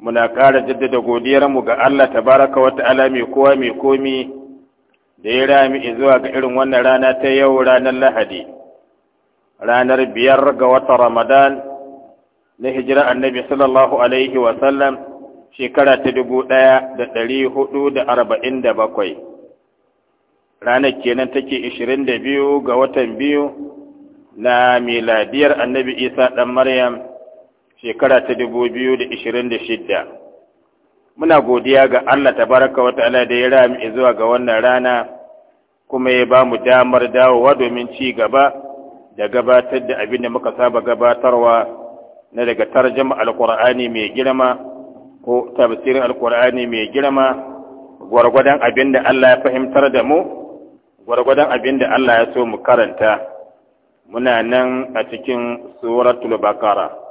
muna ƙara jaddada godiyarmu ga Allah tabaraka wa ta'ala mai kowa mai komi da ya rami zuwa ga irin wannan rana ta yau ranar Lahadi ranar biyar ga watan Ramadan na hijira annabi sallallahu alaihi wa sallam shekara ta dubu ɗaya da ɗari hudu da arba'in da bakwai ranar kenan take ishirin da biyu ga watan biyu na miladiyar annabi isa ɗan maryam shekara ta dubu biyu da ishirin da shidda muna godiya ga Allah ta baraka Wata Ala da ya rami zuwa ga wannan rana kuma ya ba mu damar dawowa domin ci gaba da gabatar da abin da muka saba gabatarwa na daga tarjama alkur'ani mai girma ko tafsirin alkur'ani mai girma gwargwadon abin da Allah ya fahimtar da mu gwargwadon abin da Allah ya so mu karanta muna nan a cikin suratul bakara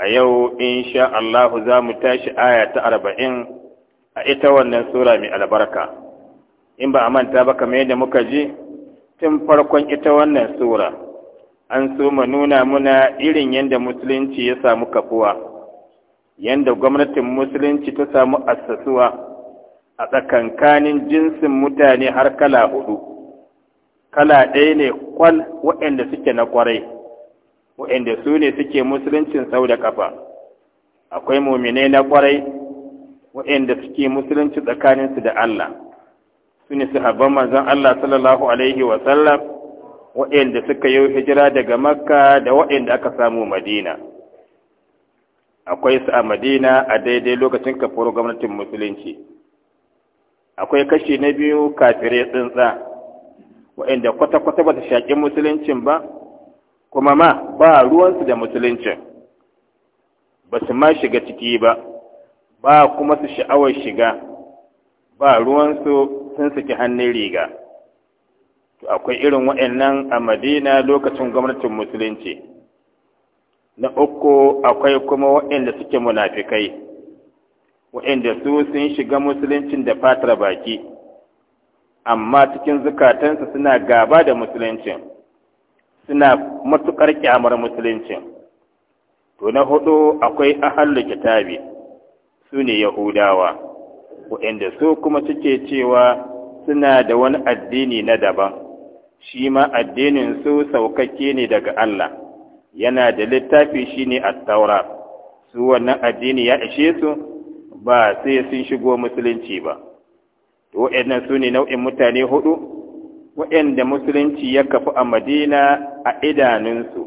a yau insha Allah za mu tashi aya ta arba'in a ita wannan sura mai albarka in ba a manta ba kamar yadda muka ji tun farkon ita wannan sura an so mu nuna muna irin yadda musulunci ya samu kafuwa yadda gwamnatin musulunci ta samu assasuwa a tsakankanin jinsin mutane har kala hudu kala ɗaya ne kwal waɗanda suke na kwarai waɗanda su ne suke musuluncin sau da ƙafa akwai muminai na ƙwarai waɗanda suke musulunci tsakaninsu da Allah su ne su sahabban manzon Allah sallallahu alaihi wa sallam waɗanda suka yi hijira daga makka da waɗanda aka samu madina akwai su a madina a daidai lokacin kafar gwamnatin musulunci akwai kashi na biyu kafirai tsintsa waɗanda kwata-kwata ba ta shaƙi musuluncin ba kuma ma ba ruwansu da musuluncin ba su ma shiga ciki ba ba kuma su sha'awar shiga ba ruwansu sun saki hannun riga to akwai irin wa'annan a madina lokacin gwamnatin musulunci na uku akwai kuma wa'anda suke munafikai wa'anda su sun shiga musuluncin da fatar baki amma cikin zukatansu suna gaba da musuluncin suna matuƙar kyamar musulunci to na hudu akwai ahallu kitabi su ne yahudawa waɗanda su kuma suke cewa suna da wani addini na daban shi ma addinin su saukakke ne daga Allah yana da littafi shi ne a taura su wannan addini ya ishe su ba sai sun shigo musulunci ba to waɗannan su ne nau'in mutane hudu waɗanda musulunci ya kafu a madina a idanunsu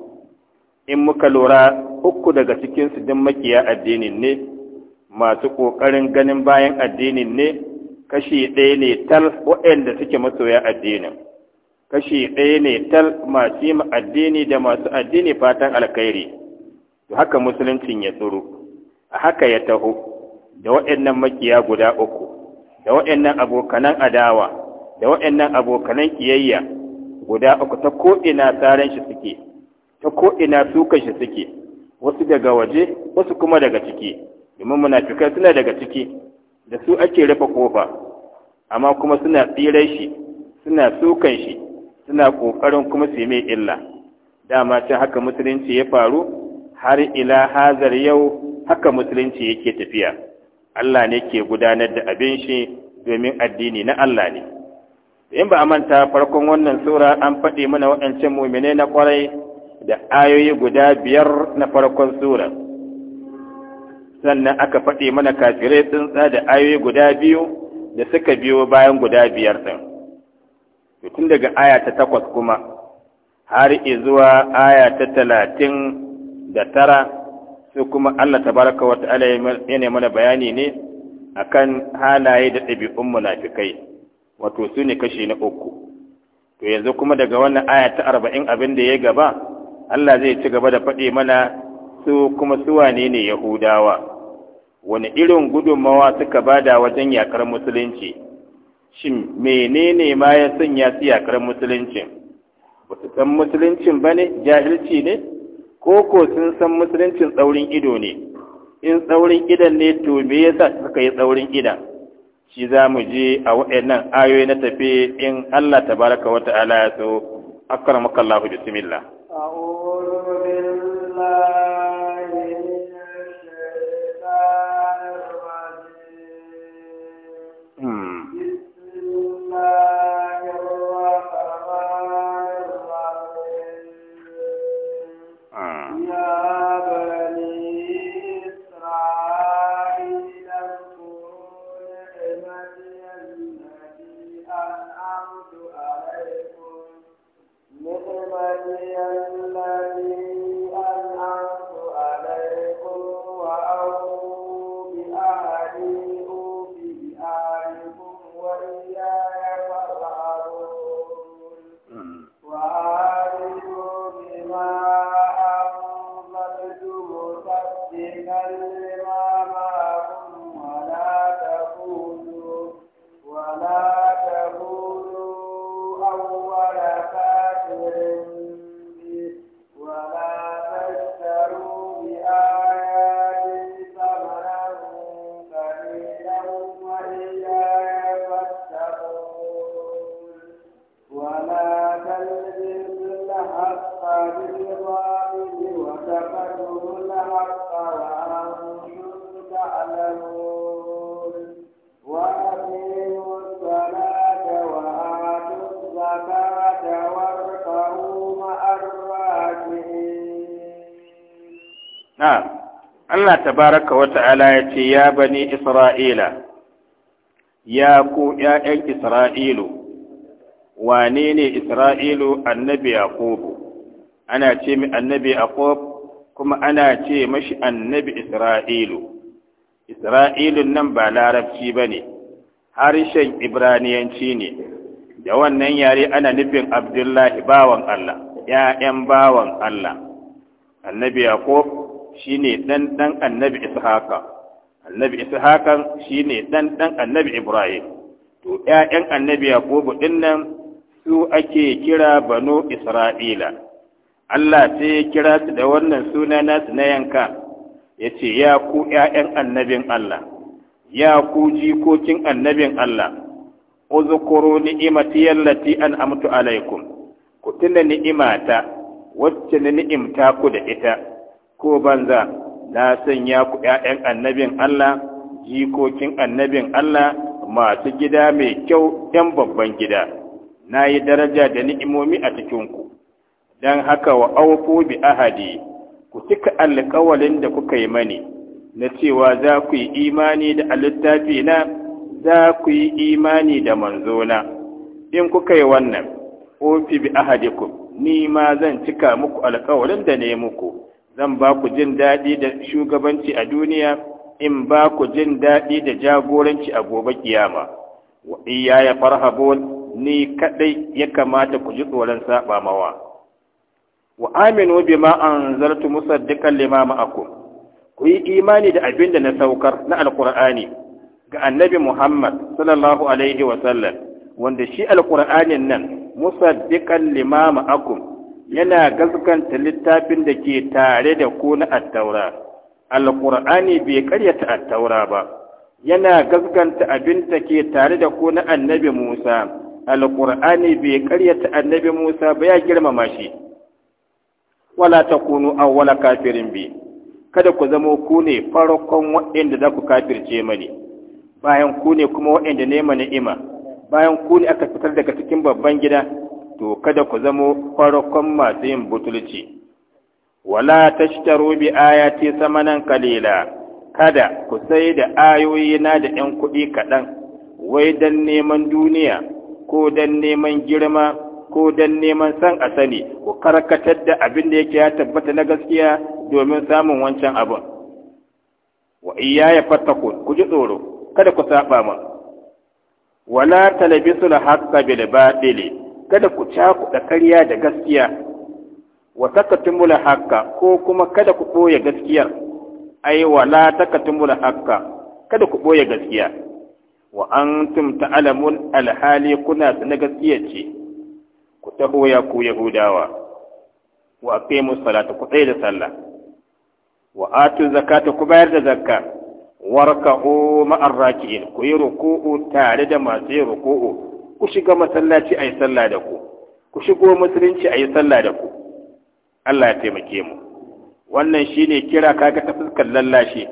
in muka lura uku daga cikinsu don makiya addinin ne masu ƙoƙarin ganin bayan addinin ne kashi ɗaya ne tal waɗanda suke masoya addinin kashi ɗaya ne tal masu yi addini da masu addini fatan alkhairi to haka musuluncin ya tsoro a haka ya taho da waɗannan makiya guda uku da waɗannan abokanan adawa da waɗannan abokanan kiyayya guda uku ta ko'ina tsaran shi suke ta ko'ina sukan shi suke wasu daga waje wasu kuma daga ciki domin munafikai suna daga ciki da su ake rufe kofa amma kuma suna tsire shi suna sukan shi suna ƙoƙarin kuma su mai illa dama can haka musulunci ya faru har ila hazar yau haka musulunci yake tafiya Allah ne ke gudanar da abin shi domin addini na Allah ne in ba a manta farkon wannan sura an faɗi mana waɗancan mumine na ƙwarai da ayoyi guda biyar na farkon sura sannan aka faɗi mana kafirai tsuntsa da ayoyi guda biyu da suka biyo bayan guda biyar ɗin tun daga aya ta takwas kuma har zuwa aya ta talatin da tara su kuma Allah tabaraka wata ala yana mana bayani ne akan halaye da ɗabi'un munafikai wato su ne kashi na uku to yanzu kuma daga wannan aya ta arba'in abin da ya gaba Allah zai ci gaba da faɗi mana su kuma su wane ne yahudawa wani irin gudunmawa suka bada wajen yakar musulunci shin menene ma ya sanya su yakar musulunci ba su san musuluncin ba ne jahilci ne ko ko sun san musuluncin tsaurin ido ne in tsaurin idan ne to me yasa suka yi tsaurin idan shi za mu je a waɗannan ayoyi na tafi in Allah ta baraka wata ala ya so akramaka Allah bismillah Allah tabaraka wa ta'ala ya ce ya bani Isra'ila ya ku ‘ya'yan Isra'ilu wane ne Isra'ilu annabi Yaqubu ana ce mi annabi Yaqub kuma ana ce mashi annabi Isra'ilu Isra'ilun nan ba larabci ba ne harshen Ibraniyanci ne da wannan yare ana nufin Abdullahi bawan Allah ‘ya'yan bawan Allah annabi Yaqub shine dan dan annabi ishaqa annabi ishaqa shine dan dan annabi ibrahim to ƴaƴan annabi yakubu dinnan su ake kira banu isra'ila Allah sai ya kira su da wannan suna nasu na yanka ya ce ya ku ’ya'yan annabin Allah, ya ku jikokin annabin Allah, uzukuru ni'imati allati an'amtu alaikum, ku tuna ni'imata wacce ni'imta ku da ita, ko banza na sanya ku ‘ya'yan annabin Allah jikokin annabin Allah masu gida mai kyau ‘yan babban gida na yi daraja da ni'imomi a cikinku don haka wa aufu bi ahadi ku cika alƙawalin da kuka yi mani na cewa za ku yi imani da alittafi na za ku yi imani da manzona in kuka yi wannan ofi bi ahadikum ni ma zan cika muku alƙawarin da ne muku zan ba ku jin daɗi da shugabanci a duniya in ba ku jin daɗi da jagoranci a gobe kiyama wa ya farhabun ni kadai ya kamata ku ji tsoron saba mawa wa aminu bima anzaltu musaddiqan lima ma'akum ku yi imani da abin da na saukar na alqur'ani ga annabi Muhammad sallallahu alaihi wa sallam wanda shi alqur'anin nan musaddiqan lima ma'akum yana gaskanta littafin da ke tare da ku na attaura alƙur'ani bai karyata attaura ba yana gaskanta abin da ke tare da ku na annabi musa alƙur'ani bai karyata annabi musa ba ya girmama shi wala ta kunu awwala kafirin bi kada ku zamo ku ne farkon waɗanda za ku kafirce mani bayan ku ne kuma waɗanda ne ni'ima bayan ku ne aka fitar daga cikin babban gida to kada ku zamo farkon masu yin butulci wala tashtaru bi ayati samanan kalila kada ku sai da ayoyi na da ɗan kuɗi kaɗan wai dan neman duniya ko dan neman girma ko dan neman san a sani ku karkatar da abin da yake ya tabbata na gaskiya domin samun wancan abin wa iyaya fattakun ku ji tsoro kada ku saba min wala talabisu haqqa bil batili kada ku cakuɗa ƙarya da gaskiya wa takatumul haqqa ko kuma kada ku ɓoye gaskiyar ai wa la takatumul haqqa kada ku ɓoye gaskiya wa antum ta'lamun alhali kuna sana gaskiya ce ku taho ya ku yahudawa wa aqimus salata ku tsaya da sallah wa atu zakata ku bayar da zakka warka'u ma'arraki'in ku yi ruku'u tare da masu yin ruku'u ku shiga masallaci a yi sallah da ku ku shigo musulunci a yi sallah da ku Allah ya taimake mu wannan shi ne kira kaga ta fuskar lallashi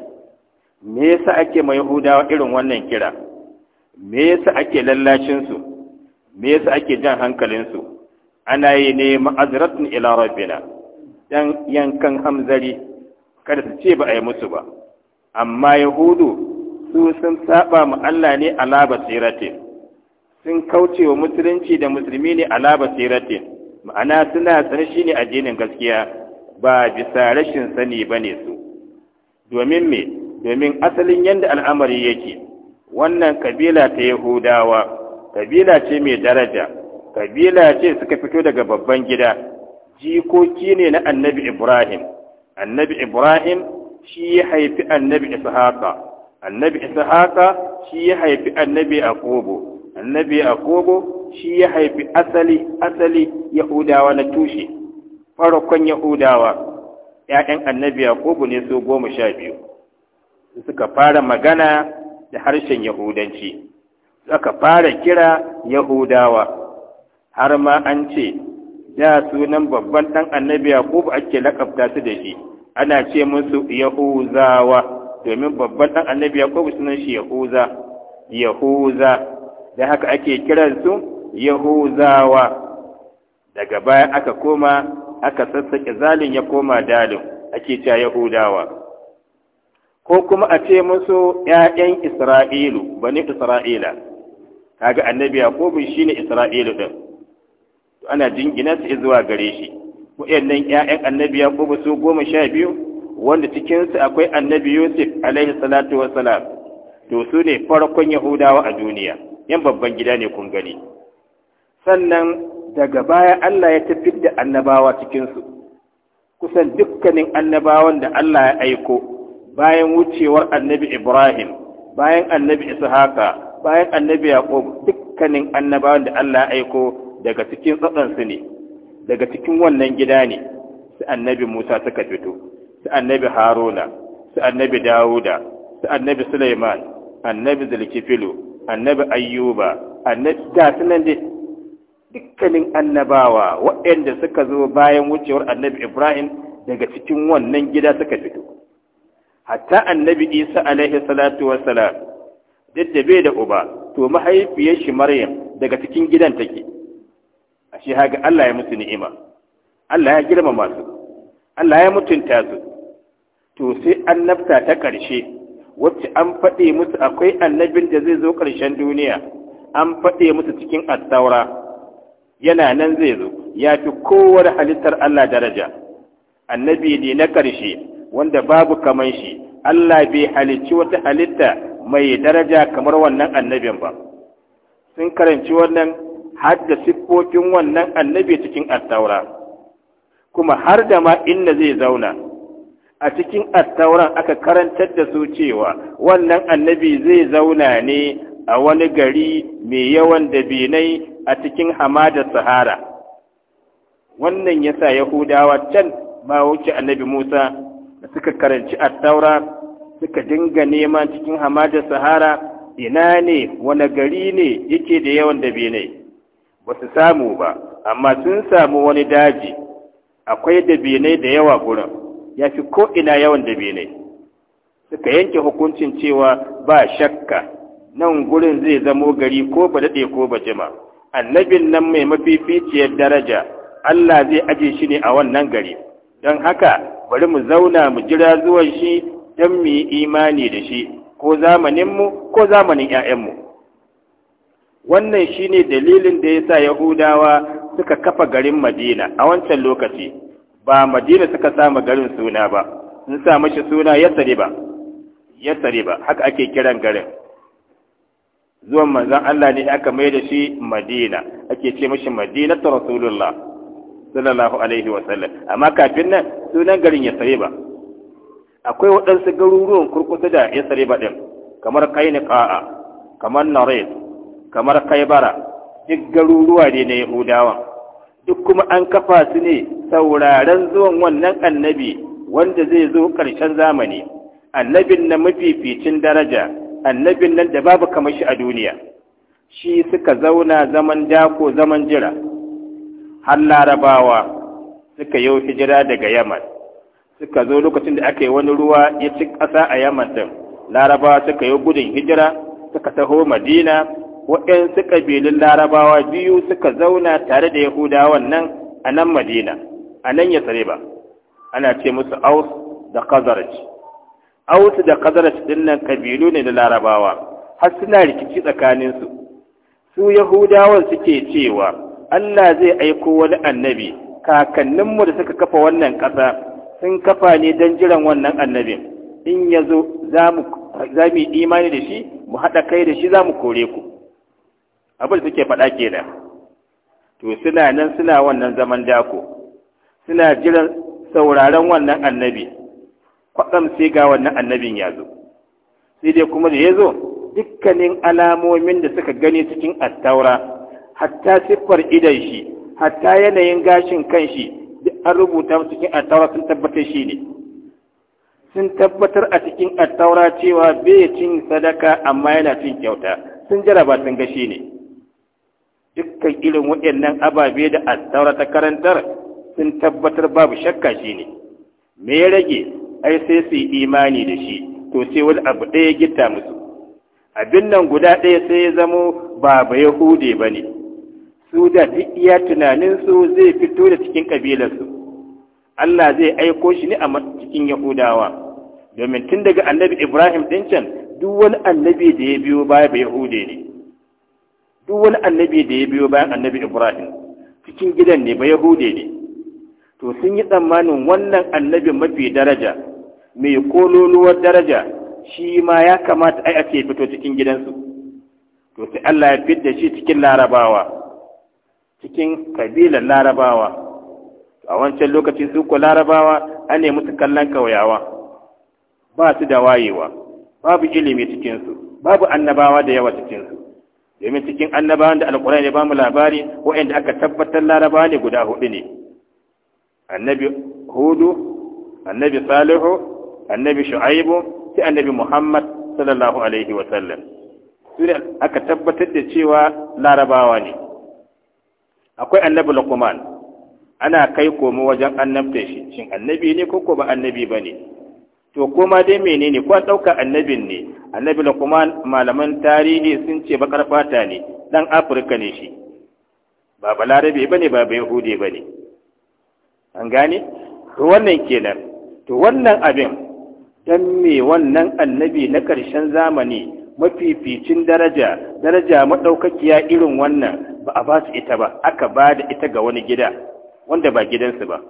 me yasa ake ma yahudawa irin wannan kira me yasa ake lallacinsu me yasa ake jan hankalinsu? ana yi ne ma'azratun ila rabbina dan yankan hamzari kada su ce ba a yi musu ba amma yahudu su sun saba ma Allah ne ala basiratin sun kauce wa musulunci da musulmi ne ala basiratin ma'ana suna sani a addinin gaskiya ba bisa rashin sani ba ne su domin me domin asalin yadda al'amari yake wannan kabila ta yahudawa kabila ce mai daraja kabila ce suka fito daga babban gida jikoki ne na annabi ibrahim annabi ibrahim shi ya haifi annabi ishaqa annabi ishaqa shi ya haifi annabi yaqubu annabi yaqubu shi ya haifi asali asali yahudawa na tushe Farakon yahudawa ‘ya'yan annabi yaqubu ne su goma sha biyu suka fara magana da harshen yahudanci suka fara kira yahudawa har ma an ce da sunan babban ɗan annabi yaqubu ake lakabta su da shi ana ce musu yahuzawa domin babban ɗan annabi yaqubu sunan shi yahuza yahuza da haka ake kiransu yahuzawa daga baya aka koma aka sassaƙe zalin ya koma dalin ake cewa yahudawa ko kuma a ce musu ‘ya'yan isra'ilu bani isra'ila kaga annabi yaƙobin shi ne isra'ilu ɗin ana jingina su zuwa gare shi waɗannan ‘ya'yan annabi yaƙobu su goma sha biyu wanda cikinsu akwai annabi yusuf alaihi salatu wassalam to su ne farkon yahudawa a duniya yan babban gida ne kun gani sannan daga baya Allah ya tafi da annabawa cikinsu kusan dukkanin annabawan da Allah ya aiko bayan wucewar annabi Ibrahim bayan annabi Ishaqa bayan annabi Yaqub dukkanin annabawan da Allah ya aiko daga cikin tsatsansu ne daga cikin wannan gida ne su annabi Musa suka fito su annabi Haruna su annabi Dawuda su annabi Sulaiman annabi Zulkifilu annabi ayyuba annabi da sunan dai dukkanin annabawa waɗanda suka zo bayan wucewar annabi ibrahim daga cikin wannan gida suka fito hatta annabi isa alaihi salatu wassalam duk da bai da uba to mahaifiyar shi maryam daga cikin gidan take ashe haga Allah ya musu ni'ima Allah ya girmama su Allah ya mutunta su to sai annabta ta ƙarshe wacce an faɗe musu akwai annabin da zai zo ƙarshen duniya an faɗe musu cikin attaura yana nan zai zo ya fi kowar halittar Allah daraja annabi ne na ƙarshe wanda babu kaman shi Allah bai halicci wata halitta mai daraja kamar wannan annabin ba sun karanci wannan har da siffofin wannan annabi cikin attaura kuma har da ma inda zai zauna a cikin attauran aka karantar da su cewa wannan annabi zai zauna ne a wani gari mai yawan dabinai a cikin hamadar sahara wannan ya sa yahudawa can ma wuce annabi musa da suka karanci attaura suka dinga nema cikin hamadar sahara ina ne wani gari ne yake da yawan dabinai ba su samu ba amma sun samu wani daji akwai dabinai da yawa gurin ya fi ko'ina yawan da bene suka yanke hukuncin cewa ba shakka nan gurin zai zamo gari ko ba daɗe ko ba jima annabin nan mai mafificiyar daraja Allah zai aje shi ne a wannan gari don haka bari mu zauna mu jira zuwan shi don mu yi imani da shi ko zamaninmu ko zamanin 'ya'yanmu wannan shine dalilin da ya sa yahudawa suka kafa garin madina a wancan lokaci ba madina suka sama garin suna ba sun sa mashi suna yasriba ba, haka ake kiran garin zuwan manzon Allah ne aka mai da shi madina ake ce mashi madinatu rasulullah sallallahu alaihi wa sallam amma kafin nan sunan garin ba. akwai waɗansu garuruwan kurkusa da ba din kamar ƙa'a, kamar narid kamar kaibara duk garuruwa ne na yahudawan duk kuma an kafa su ne sauraren zuwan wannan annabi wanda zai zo ƙarshen zamani annabin na mafificin daraja annabin nan da babu kamar shi a duniya shi suka zauna zaman dako zaman jira har larabawa suka yau hijira daga yaman suka zo lokacin da aka yi wani ruwa ya ci ƙasa a yaman din larabawa suka yi gudun hijira suka taho madina waɗansu ƙabilun larabawa biyu suka zauna tare da yahudawan nan a nan madina a nan ya tsare ba ana ce musu aus da kazarci aus da kazarci ɗin nan ƙabilu ne da larabawa har suna rikici tsakaninsu su yahudawan suke cewa allah zai aiko wani annabi kakanninmu da suka kafa wannan ƙasa sun kafa ne don jiran wannan annabin in yazo, zo za mu yi imani da shi mu haɗa kai da shi za mu kore ku abin da suke faɗa kenan to suna nan suna wannan zaman dako suna jiran sauraron wannan annabi kwaɗam sai ga wannan annabin ya zo sai dai kuma da ya zo dukkanin alamomin da suka gani cikin attaura hatta siffar idan shi hatta yanayin gashin kan shi duk an rubuta cikin attaura sun tabbatar shi ne sun tabbatar a cikin attaura cewa bai cin sadaka amma yana cin kyauta sun jaraba sun ga shi ne dukkan irin waɗannan ababe da asaura ta karantar sun tabbatar babu shakka shi ne me ya rage ai sai su yi imani da shi to sai wani abu ɗaya gita musu abin nan guda ɗaya sai ya zamo ba ba yahude ba ne su da duk iya tunaninsu zai fito da cikin ƙabilarsu Allah zai aiko shi ne a cikin yahudawa domin tun daga annabi ibrahim ɗin can duk wani annabi da ya biyo baya ba yahude ne duk wani annabi da ya biyo bayan annabi ibrahim cikin gidan ne ba yahude ne to sun yi tsammanin wannan annabin mafi daraja mai kololuwar daraja shi ma ya kamata ai ake fito cikin gidansu to sai Allah ya fidda shi cikin larabawa cikin kabilar larabawa a wancan lokaci su ko larabawa an ne musu kallon kauyawa ba su da wayewa babu ilimi cikinsu babu annabawa da yawa cikinsu domin cikin annabawan da alkurani ba mu labari waɗanda aka tabbatar laraba ne guda hudu ne annabi hudu annabi salihu annabi shu'aibu sai annabi muhammad sallallahu alaihi wa sallam su aka tabbatar da cewa larabawa ne akwai annabi luqman ana kai komo wajen annabta shi shin annabi ne ko ba annabi bane to kuma dai menene ko ɗauka annabin ne annabi da kuma malaman tarihi sun ce bakar fata ne ɗan afirka ne shi ba balarabe ba ne ba bai hude ba ne an gane to wannan kenan to wannan abin dan me wannan annabi na ƙarshen zamani mafificin daraja daraja maɗaukakiya irin wannan ba a ba ita ba aka ba da ita ga wani gida wanda ba gidansu ba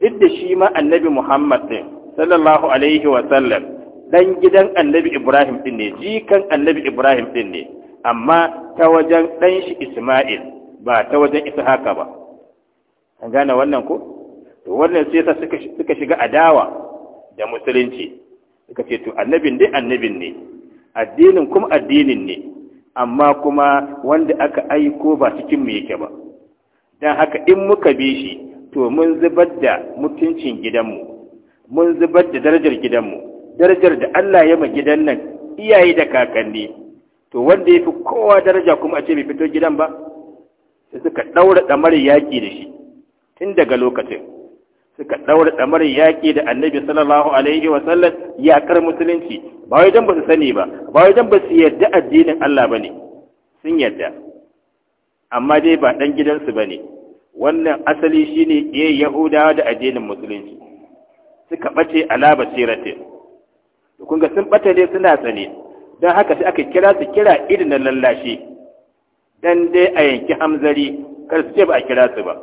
duk da shi ma annabi muhammad ɗin sallallahu alaihi wa sallam dan gidan annabi ibrahim din ne jikan annabi ibrahim din ne amma ta wajen dan shi isma'il ba ta wajen haka ba an gane wannan ko to wannan sai ta suka shiga adawa da musulunci suka ce to annabin dai annabin ne addinin kuma addinin ne amma kuma wanda aka aiko ba cikin mu yake ba dan haka in muka bi shi to mun zubar da mutuncin gidanmu mun zubar da darajar gidanmu darajar da Allah ya ma gidan nan iyaye da kakanni to wanda ya fi kowa daraja kuma a ce bai fito gidan ba sai suka ɗaura ɗamar yaƙi da shi tun daga lokacin suka ɗaura ɗamar yaƙi da annabi sallallahu alaihi wa sallam yaƙar musulunci ba wai dan ba su sani ba ba wai dan ba su yarda addinin Allah ba ne sun yarda amma dai ba ɗan gidansu ba ne wannan asali shine ne eh, yahudawa da addinin musulunci suka ɓace ala basiratin to kun ga sun bata dai suna tsane dan haka sai aka kira su kira irin na lallashi dan dai a yanki hamzari kar su ce ba a kira su ba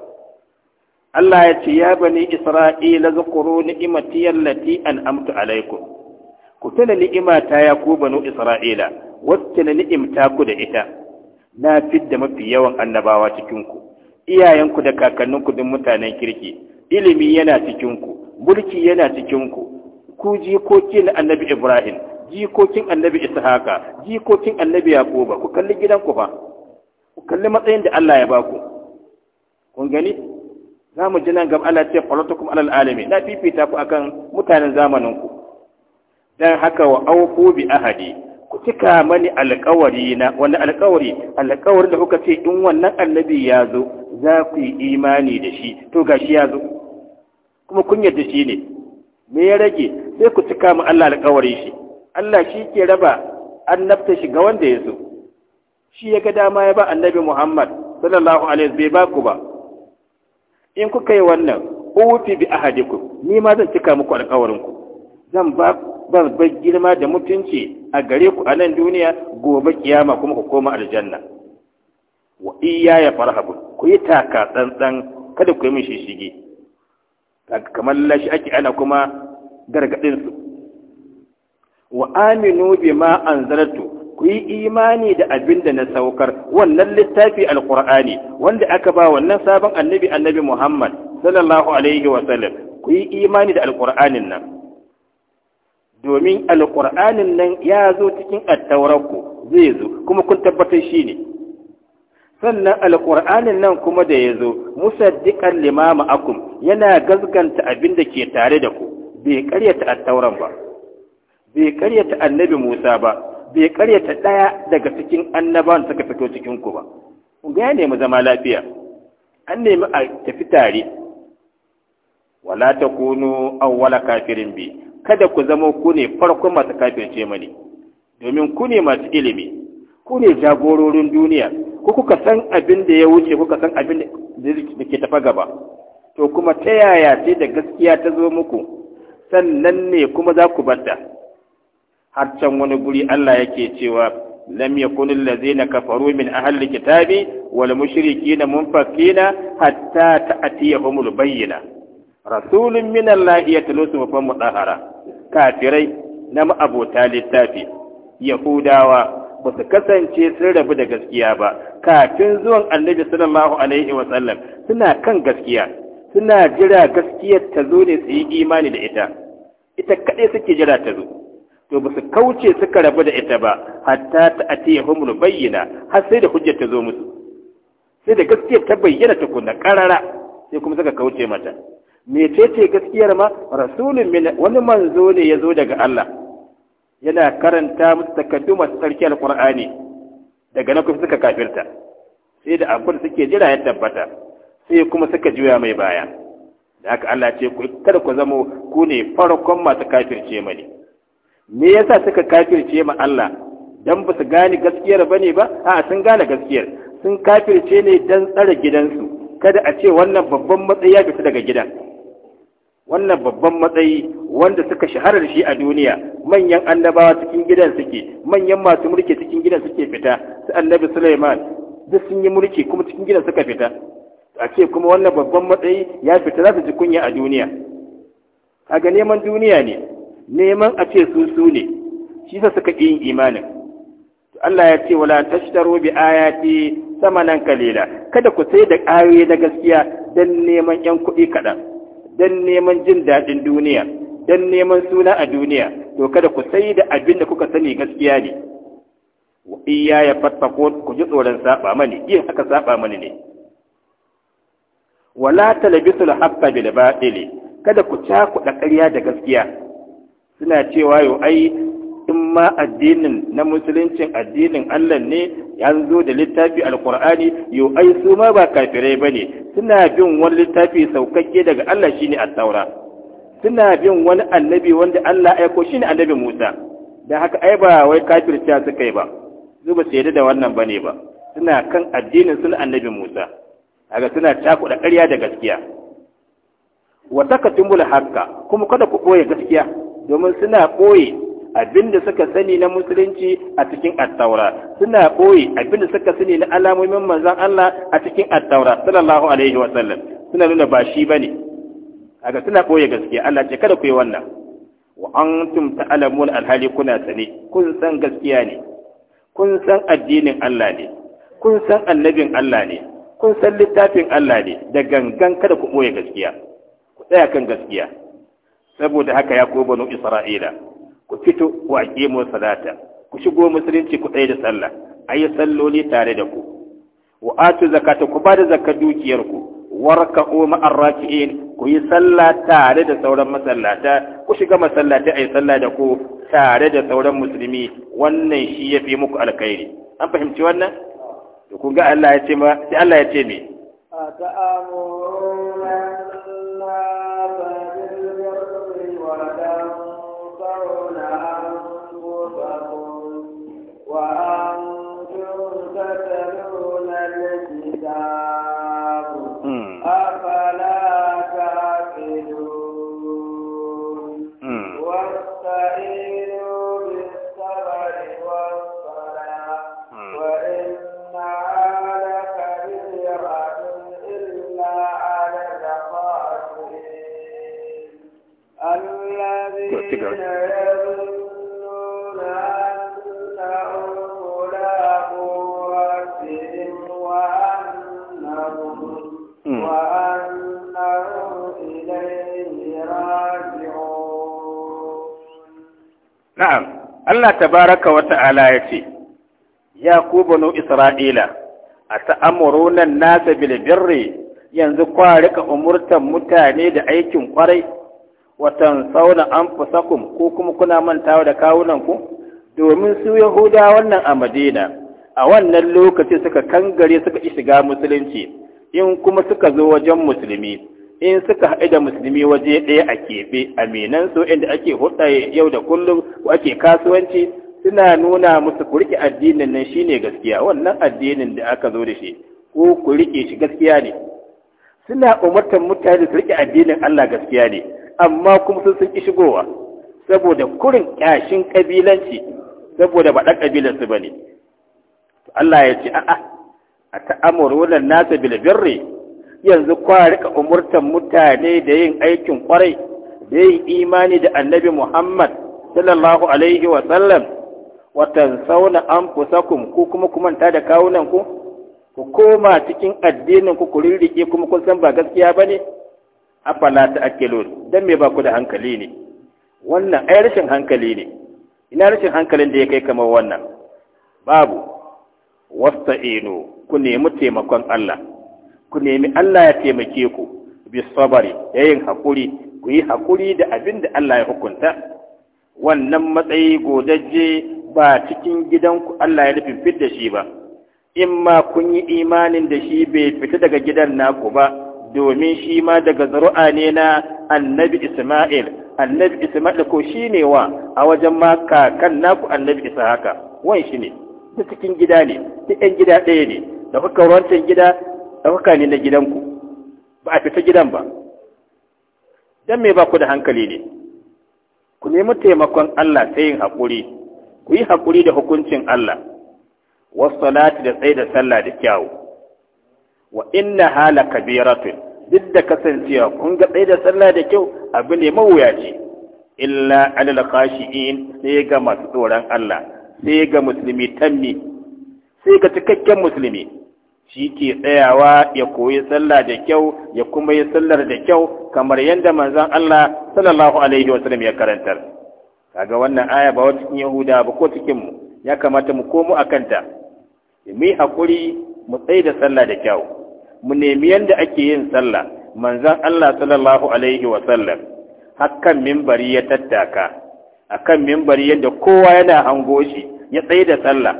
Allah ya ce ya bani Isra'ila zakuru ni'imati allati an'amtu alaikum ku tana ni'imata ya ku banu Isra'ila wacce na ni'imta ku da ita na fidda mafi yawan annabawa cikin iyayenku da kakanninku duk mutanen kirki ilimi yana cikinku. mulki yana cikin ku ku jikoki na annabi ibrahim jikokin annabi ishaqa jikokin annabi yakuba ku kalli gidanku fa ku kalli matsayin da Allah ya baku kun gani za mu ji nan gaba Allah ce falatukum alal alami na fifita ku akan mutanen zamanin ku dan haka wa awfu bi ahadi ku cika mani alkawari na wani alkawari alƙawarin da kuka ce in wannan annabi ya zo za ku yi imani da shi to gashi ya zo kuma kun yarda shi ne me ya rage sai ku cika mu Allah alƙawari shi Allah shi ke raba annabta shi ga wanda ya so shi ya ga dama ya ba annabi Muhammad sallallahu alaihi wasallam bai ba ku ba in kuka yi wannan uti bi ahadikum ni ma zan cika muku alƙawarin ku zan ba ban bar girma da mutunci a gare ku a nan duniya gobe kiyama kuma ku koma aljanna wa iyaya farhabu ku yi taka tsantsan kada ku yi min shishige kamar lashi ake ana kuma gargaɗinsu wa aminu bima anzaltu ku yi imani da abin da na saukar wannan littafi alkur'ani wanda aka ba wannan sabon annabi annabi muhammad sallallahu alaihi sallam. ku yi imani da alkur'anin nan domin alkur'anin nan ya zo cikin attaurarku zai zo kuma kun tabbatar shi ne sannan alƙur'anin nan kuma da ya zo musaddiƙan limama akum yana gazganta abin da ke tare da ku bai ƙaryata attauran ba bai ƙaryata annabi musa ba bai ƙaryata ɗaya daga cikin annabawan suka fito cikin ku ba kun ga ya nemi zama lafiya an nemi a tafi tare wala takunu awwala kafirin bi kada ku zama ku ne farkon masu kafirce mani domin ku ne masu ilimi ku ne jagororin duniya ku kuka san abin da ya wuce kuka san abin da ke tafa gaba to kuma ta yaya ce da gaskiya ta zo muku sannan ne kuma za ku banta. har can wani guri Allah yake cewa lam yakun allazina kafaru min ahli kitabi wal mushrikina munfakina hatta ta'tiyahumul bayyana. rasulun min Allah su sufan mudahara kafirai na ma'abota littafi yahudawa ba su kasance sun rabu da gaskiya ba kafin zuwan annabi sallallahu alaihi wa sallam suna kan gaskiya suna jira gaskiyar ta zo ne su yi imani da ita ita kaɗai suke jira ta zo to ba su kauce suka rabu da ita ba hatta ta atiyahumul bayyana har sai da hujjar ta zo musu sai da gaskiyar ta bayyana ta kunna ƙarara, sai kuma suka kauce mata mecece gaskiyar ma rasulun wani manzo ne ya zo daga Allah yana karanta musu takaddu masu tsarki Alƙur'ani. daga na kuma suka kafirta sai da abin suke jira ya tabbata sai kuma suka juya mai baya da haka Allah ce ku kada ku zamo ku ne farkon masu kafirce mani me yasa suka kafirce ma Allah dan ba su gane gaskiyar bane ba a sun gane gaskiyar sun kafirce ne dan tsare gidansu kada a ce wannan babban matsayi ya fita daga gidan wannan babban matsayi wanda suka shahara da shi a duniya manyan annabawa cikin gidan suke manyan masu mulki cikin gidan suke fita su annabi Sulaiman duk sun yi mulki kuma cikin gidan suka fita a ce kuma wannan babban matsayi ya fita za su ji kunya a duniya kaga neman duniya ne neman a ce su su ne shi sa suka ƙi yin imanin Allah ya ce wala tashtaru bi ayati samanan kalila kada ku sai da ayoyi na gaskiya dan neman yan kuɗi kaɗan don neman jin daɗin duniya don neman suna a duniya to kada ku sai da abin da kuka sani gaskiya ne wa iya ya ko ku ji tsoron saba mani yin haka saba mani ne wala talabisul haqqa bil batili kada ku cakuɗa ƙarya da gaskiya suna cewa yau ai in ma addinin na musuluncin addinin Allah ne an zo da littafi alkur'ani yo ai su ma ba kafirai bane suna bin wani littafi saukakke daga Allah shine at-taura suna bin wani annabi wanda Allah ya aiko shine annabi Musa dan haka ai ba wai kafirci suka yi ba su ba su da wannan bane ba suna kan addinin sun annabi Musa kaga suna cakuɗa ƙarya da gaskiya wa takatumul haqqa kuma kada ku ɓoye gaskiya domin suna ɓoye abinda suka sani na musulunci a cikin attaura suna boye abinda suka sani na alamomin manzon Allah a cikin attaura sallallahu alaihi wa sallam suna nuna ba shi bane kaga suna boye gaskiya Allah ce kada ku yi wannan wa antum ta'lamun alhali kuna sani kun san gaskiya ne kun san addinin Allah ne kun san annabin Allah ne kun san littafin Allah ne da gangan kada ku boye gaskiya ku tsaya kan gaskiya saboda haka ya ko banu isra'ila ku fito wa mu salata ku shigo musulunci ku tsaye da sallah ayi salloli tare da ku wa atu zakata ku bada zakar dukiyar ku warka'u ma'ar raki'in ku yi sallah tare da sauran masallata ku shiga masallata ayi sallah da ku tare da sauran musulmi wannan shi yafi muku alkhairi an fahimci wannan to kun ga Allah ya ce ma sai Allah ya ce me ta'amuru na'am Allah tabaraka wa ta'ala ya ce ya ku banu isra'ila a ta'amuruna nasa bil birri yanzu kwa ka umurtan mutane da aikin kwarai wa tansawna anfusakum ko kuma kuna mantawa da kawunan ku domin su yahuda wannan a madina a wannan lokaci suka kangare suka shiga musulunci in kuma suka zo wajen musulmi in suka haɗu da musulmi waje ɗaya a keɓe a menan su inda ake hulɗa yau da kullum ko ake kasuwanci suna nuna musu ku riƙe addinin nan shine gaskiya wannan addinin da aka zo da shi ko ku riƙe shi gaskiya ne suna umartan mutane su riƙe addinin Allah gaskiya ne amma kuma sun sun ki shigowa saboda kurin ƙyashin ƙabilanci saboda ba ɗan ƙabilansu ba ne Allah ya ce a'a a ta'amuru wannan nasa bil birri yanzu kwa rika umurtan mutane da yin aikin kwarai da yin imani da annabi Muhammad sallallahu alaihi wa sallam wa an fusakun ku kuma ku manta da kawunanku? ku ku koma cikin addinin ku ku ririke kuma kun san ba gaskiya bane afala ta'qilun dan me ba ku da hankali ne wannan ai rashin hankali ne ina rashin hankalin da ya kai kamar wannan babu wasta'inu ku nemi taimakon Allah ku nemi Allah ya taimake ku bi sabari yayin hakuri ku yi hakuri da abin da Allah ya hukunta wannan matsayi godaje ba cikin gidanku Allah ya nufin fit da shi ba in ma kun yi imanin da shi bai fita daga gidan naku ba domin shi ma daga zaru'a ne na annabi Ismail annabi isma'il ko shi ne wa a wajen ma kakan naku annabi isa haka wan shi ne ta cikin gida ne ta yan gida ɗaya ne da kuka wancan gida ɗaukaka ne na gidanku ba a fita gidan ba don me ba ku da hankali ne ku nemi taimakon Allah ta yin haƙuri ku yi haƙuri da hukuncin Allah wasu salati da tsaye da sallah da kyawu wa inna hala kabiratun duk da kasancewa kun ga tsaye da sallah da kyau abu ne mawuyaci illa alal khashi'in sai ga masu tsoron Allah sai ga musulmi tammi sai ga cikakken musulmi shi ke tsayawa ya koyi sallah da kyau ya kuma yi sallar da kyau kamar yadda manzon Allah sallallahu alaihi sallam ya karantar kaga wannan aya ba wata cikin Yahuda ba ko cikin mu ya kamata mu komo akan ta mu hakuri mu tsaya da sallah da kyau mu nemi yadda ake yin sallah manzon Allah sallallahu alaihi sallam hakan minbari ya tattaka akan minbari yadda kowa yana hango shi ya tsaya da sallah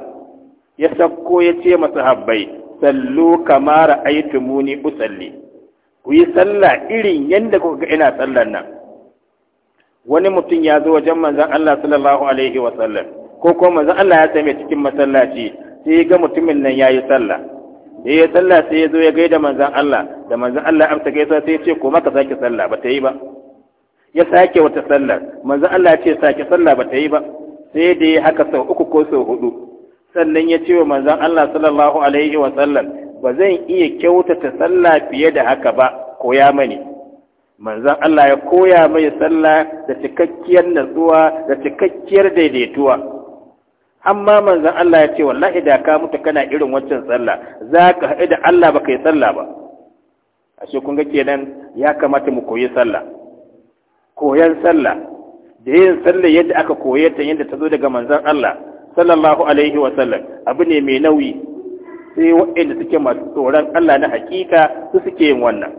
ya sakko ya ce masa habbai sallu kama ra'aytumuni usalli ku yi sallah irin yadda kuka ga ina sallar nan wani mutum ya zo wajen manzon Allah sallallahu alaihi wa sallam ko ko manzon Allah ya same cikin masallaci sai ya ga mutumin nan yayi sallah da ya sallah sai ya zo ya gaida manzon Allah da manzon Allah amsa gaisa sai ya ce ko maka sake sallah ba ta yi ba ya sake wata sallar manzon Allah ya ce sake sallah ba ta yi ba sai dai ya haka sau uku ko sau hudu sannan ya ce wa manzon Allah sallallahu alaihi wa sallam ba zan iya kyautata sallah fiye da haka ba koya mani manzon Allah ya koya mai sallah da cikakkiyar natsuwa da cikakkiyar daidaituwa amma manzan Allah ya ce wallahi da ka mutu kana irin wancan sallah za ka haɗu da Allah ba ka yi sallah ba ashe kun ga kenan ya kamata mu koyi sallah koyan sallah da yin sallah yadda aka koye ta yadda ta zo daga manzan Allah sallallahu alaihi wa sallam abu ne mai nauyi sai waɗanda suke masu tsoron Allah na hakika su suke yin wannan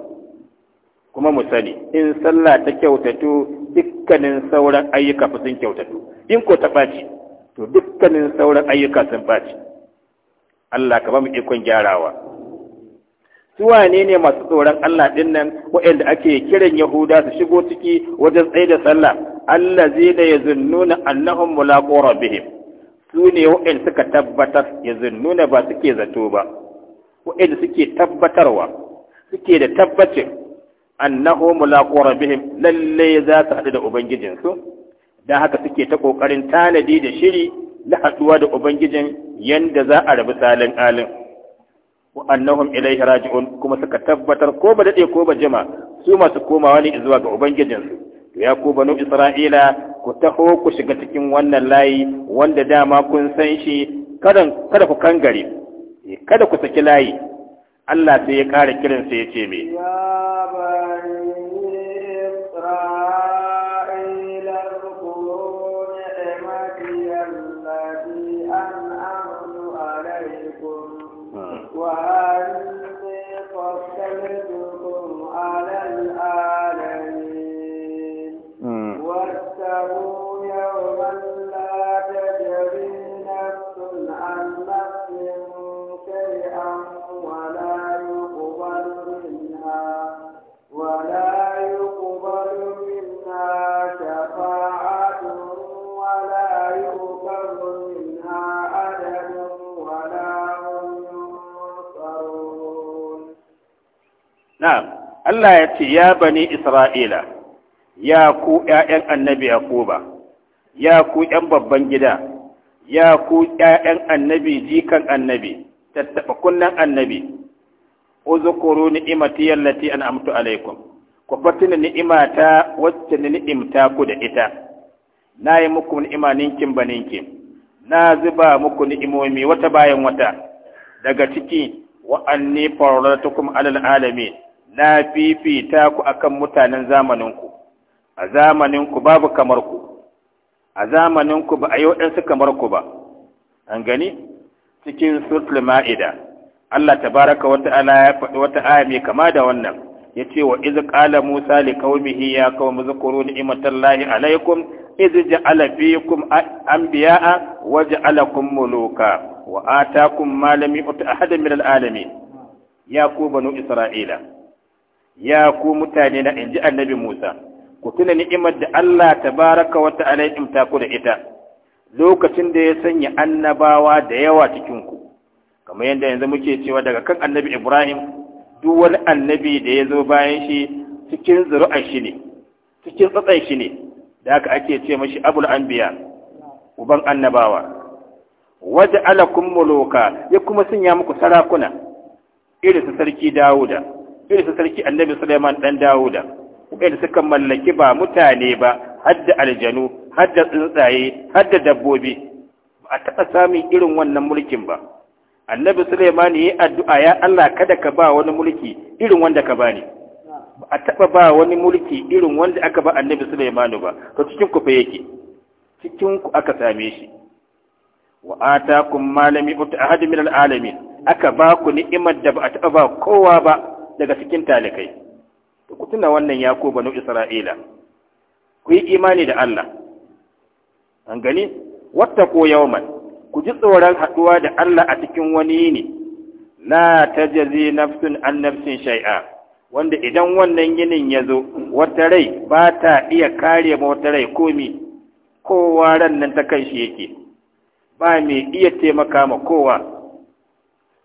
kuma mu sani in sallah ta kyautatu dukkanin sauran ayyuka fa sun kyautatu in ko ta ɓaci to dukkanin sauran ayyuka sun ɓaci Allah ka ba mu ikon gyarawa su wane ne masu tsoron Allah ɗin nan waɗanda ake kiran Yahuda su shigo ciki wajen tsaye da sallah Allah zai da ya zunnuna annahum mulaqo rabbihim su ne wa'in suka tabbatar ya nuna ba suke zato ba wa'in suke tabbatarwa suke da tabbacin annahu mulaqu rabbihim lalle za su haɗu da ubangijinsu dan haka suke ta kokarin tanadi da shiri na haɗuwa da ubangijin yanda za a rabu salin alin wa annahum ilaihi raji'un kuma suka tabbatar ko ba dade ko ba jima su masu komawa ne zuwa ga ubangijinsu ya ku banu isra'ila ku taho ku shiga cikin wannan layi wanda dama kun san shi kada ku kangare eh, kada ku saki layi Allah sai ya kare kiransa ya ce me Allah ya ce ya bani Isra'ila ya ku ‘ya'yan annabi Yakuba ya ku ‘yan babban gida ya ku ‘ya'yan annabi jikan annabi tattaɓa kunnen annabi uzukuru ni'imati yallati an amtu alaikum ku fatina ni'imata wacce ni ni'imta ku da ita na yi muku ni'ima ninkin ba ninkin na zuba muku ni'imomi wata bayan wata daga ciki wa'anni farartukum alal alamin na fifita ku akan mutanen zamaninku a zamaninku babu kamar ku a zamaninku ba a yi waɗansu kamar ku ba an gani cikin suratul ma'ida Allah tabaraka wa ta'ala ya faɗi wata aya mai kama da wannan yace wa iz qala musa li qaumihi ya qaumu zkuru ni'matallahi alaykum iz ja'ala fikum anbiya'a wa ja'alakum muluka wa ataakum ma lam yu'ta ahadan min alamin ya ku banu isra'ila ya ku mutane na inji annabi Musa ku tuna ni'imar da Allah tabaraka wa ta'ala ya imta ku da ita lokacin da ya sanya annabawa da yawa cikin ku kamar yadda yanzu muke cewa daga kan annabi Ibrahim duk wani annabi da ya zo bayan shi cikin zuri'ar shi ne cikin tsatsan shi ne da haka ake ce mashi abul anbiya uban annabawa waje muluka ya kuma sanya muku sarakuna irin sarki Dawuda irin su sarki annabi Sulaiman dan Dawuda da suka mallaki ba mutane ba har da aljanu har da tsuntsaye har da dabbobi ba a taɓa samun irin wannan mulkin ba annabi Sulaiman yi addu'a ya Allah kada ka ba wani mulki irin wanda ka bani ba a taɓa ba wani mulki irin wanda aka ba annabi Sulaiman ba to cikin ku fa yake cikin ku aka same shi wa ataakum ma lam yu'ta ahad min al'alamin aka ba ku ni'imar da ba a taɓa ba kowa ba daga cikin talikai ku tuna wannan ya ko banu isra'ila ku yi imani da Allah an gani wattaqu yawman ku ji tsoron haɗuwa da Allah a cikin wani yini la tajzi nafsun an nafsin shay'a wanda idan wannan yinin ya zo wata rai ba ta iya kare ma wata rai komi kowa ran nan ta kan shi yake ba mai iya taimaka ma kowa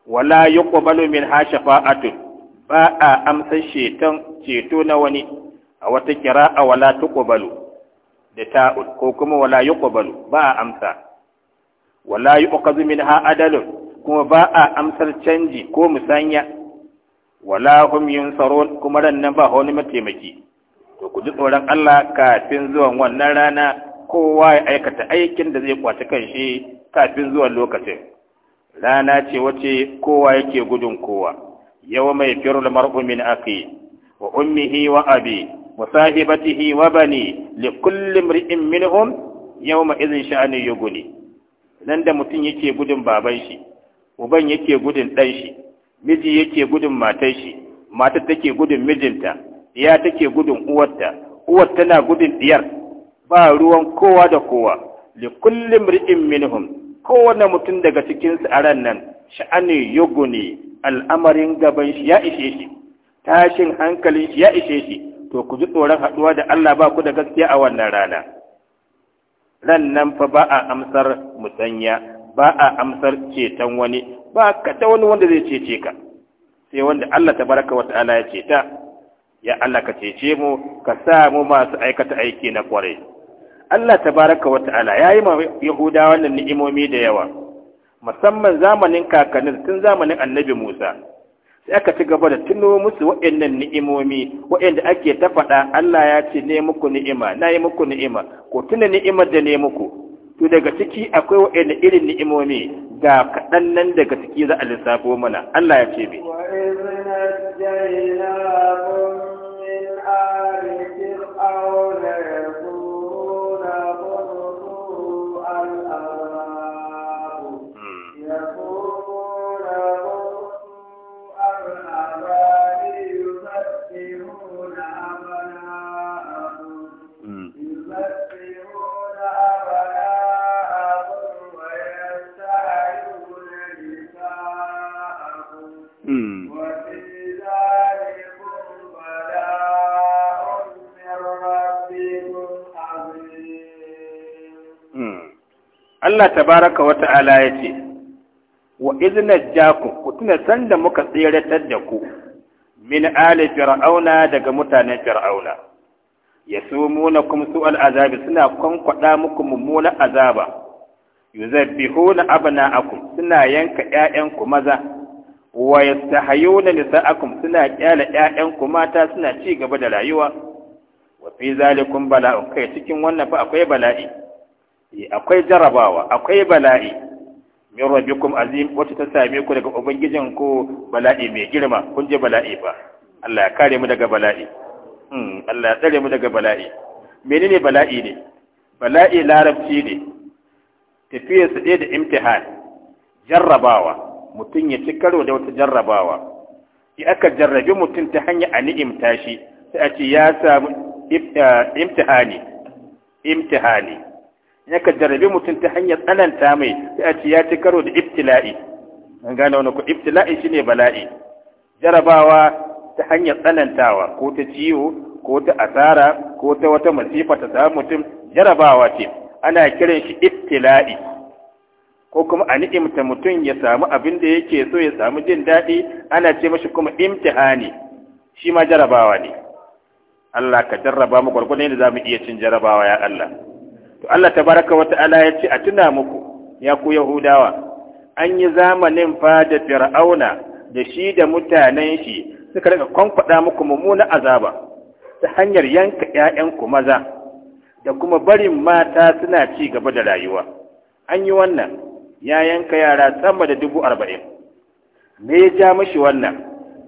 wala yuqbalu min ha shafa'atun ba a amsa sheton ceto na wani a wata kira a wala tuqbalu da ta'ul ko kuma wala yuqbalu ba a amsa wala yuqazu minha adalun kuma ba a amsar canji ko musanya wala hum yunsarun kuma ran nan ba wani mataimaki to ku ji tsoron Allah kafin zuwan wannan rana kowa ya aikata aikin da zai kwaci kanshi kafin zuwan lokacin rana ce wace kowa yake gudun kowa Yau mai يوم يفر المرء wa أخيه وأمه وأبيه وصاحبته وبنيه لكل امرئ منهم sha'ani شأن يغني nan da mutum yake gudun baban shi uban yake gudun ɗan shi miji yake gudun matar shi matar take gudun mijinta iya take gudun uwarta uwar tana gudun diyar ba ruwan kowa da kowa li kulli mri'in minhum kowanne mutum daga cikin su a ran nan sha'ani yuguni al'amarin gaban shi ya ishe shi tashin hankalin shi ya ishe shi to ku ji tsoron haɗuwa da Allah ba ku da gaskiya a wannan rana ran nan fa ba a amsar musanya ba a amsar ceton wani ba ka ta wani wanda zai cece ka sai wanda Allah tabaraka wa ta'ala ya ceta ya Allah ka cece mu ka sa mu masu aikata aiki na kwarai Allah tabaraka wa ta'ala yayi ma Yahudawa wannan ni'imomi da yawa musamman zamanin kakannin tun zamanin annabi Musa sai aka ci gaba da tuno musu waɗannan ni'imomi waɗanda ake ta faɗa Allah ya ce ne muku ni'ima na yi muku ni'ima ko tuna ni'imar da ne muku to daga ciki akwai waɗanda irin ni'imomi ga kaɗan nan daga ciki za a lissafo mana Allah ya ce me Allah tabaraka wa ta'ala ya ce, Wa izina jaku, ku tuna sanda muka tseratar da ku, min ali fir'auna daga mutanen fir'auna, ya su muna kuma su al'azabi suna kwankwaɗa muku mummunan azaba, abana akum suna yanka ‘ya'yanku maza, wa na Nisa, akum suna ƙyala ‘ya'yanku mata suna ci gaba da rayuwa, wa fi zalikun bala'un kai cikin wannan fa akwai bala'i. akwai jarabawa akwai bala'i min rabbikum azim wata ta same ku daga ubangijin ku bala'i mai girma kun je bala'i ba Allah ya kare mu daga bala'i hmm Allah ya tsare mu daga bala'i menene bala'i ne bala'i larabci ne tafiya su da imtihan jarrabawa mutum ya ci karo da wata jarrabawa in aka jarrabi mutum ta hanyar a ni'imta shi sai a ce ya samu eh, imtihani imtihani ya ka jarabi mutum ta hanyar tsananta mai sai a ce ya ci karo da ibtila'i an gane wani ku ibtila'i shine bala'i jarabawa ta hanyar tsanantawa ko ta ciwo ko ta asara ko ta wata masifa ta samu mutum jarabawa ce ana kiran shi ibtila'i ko kuma a ni'imta mutum ya samu abin da yake so ya samu jin daɗi ana ce mashi kuma imtihani shi ma jarabawa ne Allah ka jarraba mu gwargwadon yadda za mu iya cin jarabawa ya Allah to Allah ta baraka wa ta'ala ya ce a tuna muku ya ku yahudawa an yi zamanin fa da fir'auna da shi da mutanen shi suka rika kwankwada muku mummuna azaba ta hanyar yanka ku maza da kuma barin mata suna ci gaba da rayuwa an yi wannan ya yanka yara sama da dubu arba'in me ya ja mashi wannan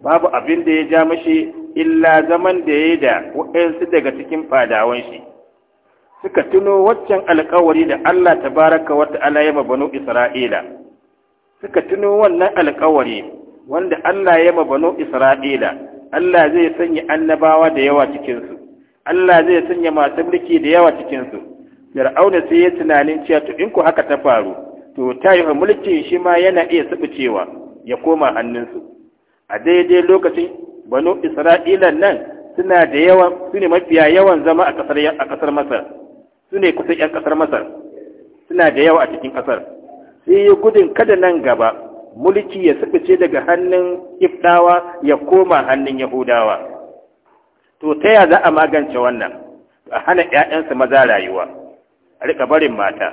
babu abin da ya ja mashi illa zaman da ya yi da waɗansu daga cikin fadawan shi suka tuno waccan alkawari da Allah Ta wata wata ya banu Isra'ila suka tuno wannan alkawari wanda Allah ya ma banu Isra'ila Allah zai sanya annabawa da yawa cikin Allah zai sanya masu mulki da yawa cikinsu. su Fir'auna sai ya tunanin cewa to in ku haka ta faru to tayi mulkin shi ma yana iya subucewa ya koma hannunsu a daidai lokacin banu Isra'ilan nan suna da yawan su ne mafiya yawan zama a ƙasar Masar su ne kusan 'yan ƙasar masar suna da yawa a cikin ƙasar sai ya gudun kada nan gaba mulki ya sufice daga hannun ifdawa ya koma hannun yahudawa to ta ya za a magance wannan a hana 'ya'yansa maza rayuwa a rika barin mata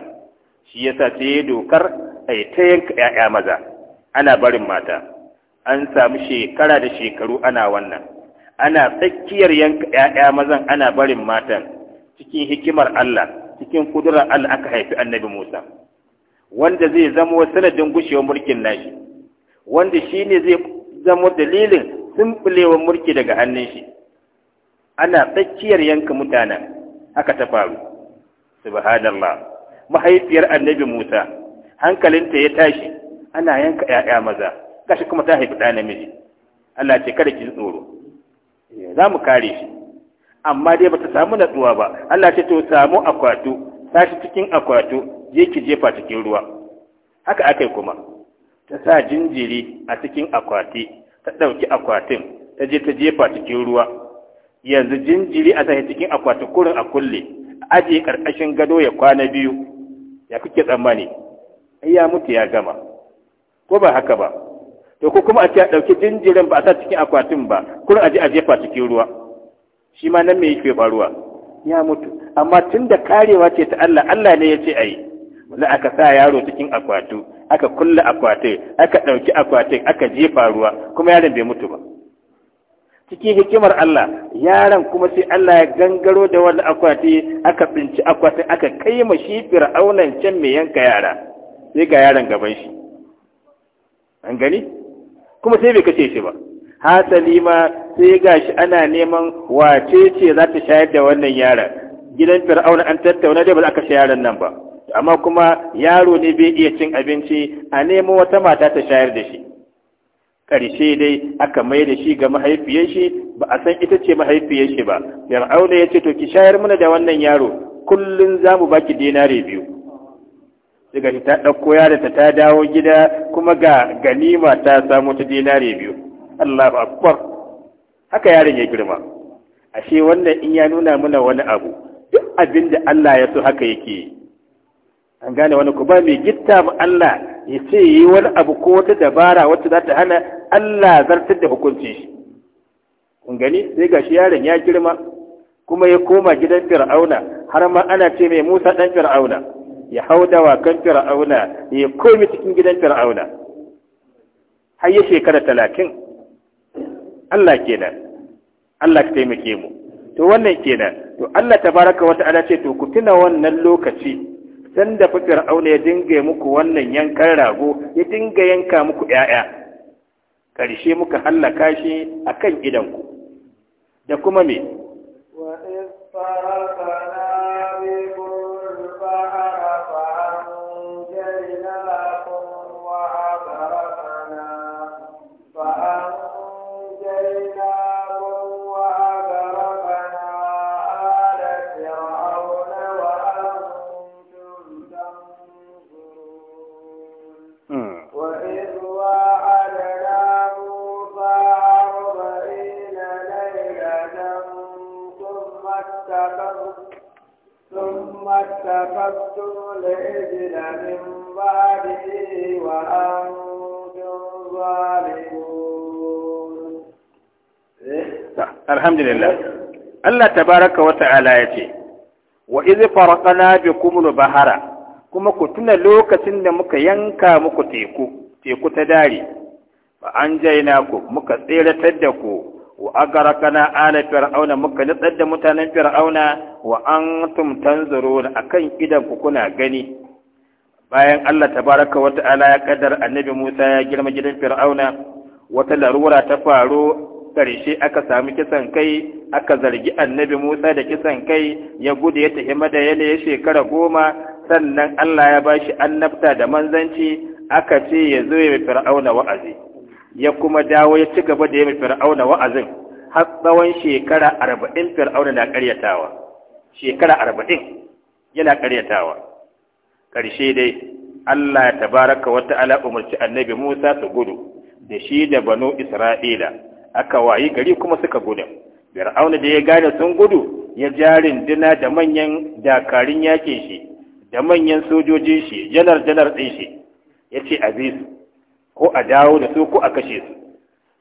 shi yasa sai ya dokar a yi ta yanka 'ya'ya maza ana barin mata an samu shekara da shekaru ana wannan ana tsakiyar yanka 'ya'ya mazan ana barin matan cikin hikimar Allah cikin kudurar Allah aka haifi annabi Musa wanda zai zama sanadin gushewar mulkin nashi wanda shi ne zai zama dalilin sumbulewar mulki daga hannun shi ana tsakiyar yanka mutanen haka ta faru subhanallah mahaifiyar annabi Musa hankalinta ya tashi ana yanka ‘ya'ya maza kashi kuma ta haifi ɗa namiji Allah ce kada ki tsoro eh, za mu kare shi amma dai bata samu natsuwa ba Allah ce to samu akwato sashi cikin akwato je ki jefa cikin ruwa haka akai kuma ta sa jinjiri a cikin akwati ta ɗauki akwatin ta je ta jefa cikin ruwa yanzu jinjiri a sa cikin akwati kurin a kulle aje karkashin gado ya kwana biyu ya kuke tsammani ya mutu ya gama ko ba haka ba to ko kuma a ce a ɗauki jinjirin ba a sa cikin akwatin ba kurin aje a jefa cikin ruwa shi ma nan me yake faruwa ya mutu amma tun da karewa ce ta Allah Allah ne ya ce a yi aka sa yaro cikin akwatu aka kulle akwatai aka ɗauki akwatai aka je faruwa, kuma yaron bai mutu ba cikin hikimar Allah yaron kuma sai Allah ya gangaro da wani akwati aka tsinci akwatin aka kai ma shi fir'aunan can mai yanka yara sai ga yaron gaban shi an gani kuma sai bai kace shi ba hasali ma sai gashi ana neman wace ce za ta shayar da wannan yaron gidan fir'auna an tattauna dai ba za ka shayar yaron nan ba amma kuma yaro ne bai iya cin abinci a nemo wata mata ta shayar da shi ƙarshe dai aka mai da shi ga mahaifiyar shi ba a san ita ce mahaifiyar shi ba fir'auna ya ce to ki shayar mana da wannan yaro kullum za mu baki dinare biyu daga ta ɗauko yaron ta ta dawo gida kuma ga ganima ta samu ta dinare biyu Allahu akbar haka yaron ya girma ashe wannan in ya nuna mana wani abu duk abin da Allah ya so haka yake an gane wani ku ba mai gitta ma Allah ya ce yi wani abu ko wata dabara wacce za ta hana Allah zartar da hukunci shi kun gani sai gashi yaron ya girma kuma ya koma gidan fir'auna har ma ana ce mai musa dan fir'auna ya hau da wakan fir'auna ya komi cikin gidan fir'auna har ya shekara talatin Allah kenan Allah ka taimake mu to wannan kenan to Allah tabaraka wa ta'ala ce to ku tuna wannan lokaci sanda fitar auna ya dinga muku wannan yankan rago ya dinga yanka muku 'ya'ya. karshe muka hallaka shi akan idanku da kuma me wa اتخذتم العجل من بعده وأنتم ظالمون الحمد لله الله تبارك وتعالى يتي وإذ فرقنا kuma ku tuna lokacin da muka yanka muku teku teku ta dare Ba an jaina ku muka tseratar da ku wa agarakana ala fir'auna muka nitsar da mutanen fir'auna wa antum tanzurun akan idan ku kuna gani bayan Allah tabaraka wa ta'ala ya kaddar annabi Musa ya girma gidan fir'auna wata larura ta faru karshe aka sami kisan kai aka zargi annabi Musa da kisan kai ya gudu ya tafi madayana ya shekara goma sannan Allah ya bashi annabta da manzanci aka ce ya zo ya fir'auna wa'azi ya kuma dawo ya ci gaba da ya fir'auna wa'azin har tsawon shekara arba'in fir'auna na karyatawa shekara arba'in yana karyatawa ƙarshe dai Allah ya tabaraka wata ta'ala umarci annabi Musa su gudu da shi da banu Isra'ila aka wayi gari kuma suka gudu fir'auna da ya gane sun gudu ya jarin dina da manyan dakarun yakin shi da manyan sojojin shi janar janar ɗin shi ya ce a ko a dawo da su ko a kashe su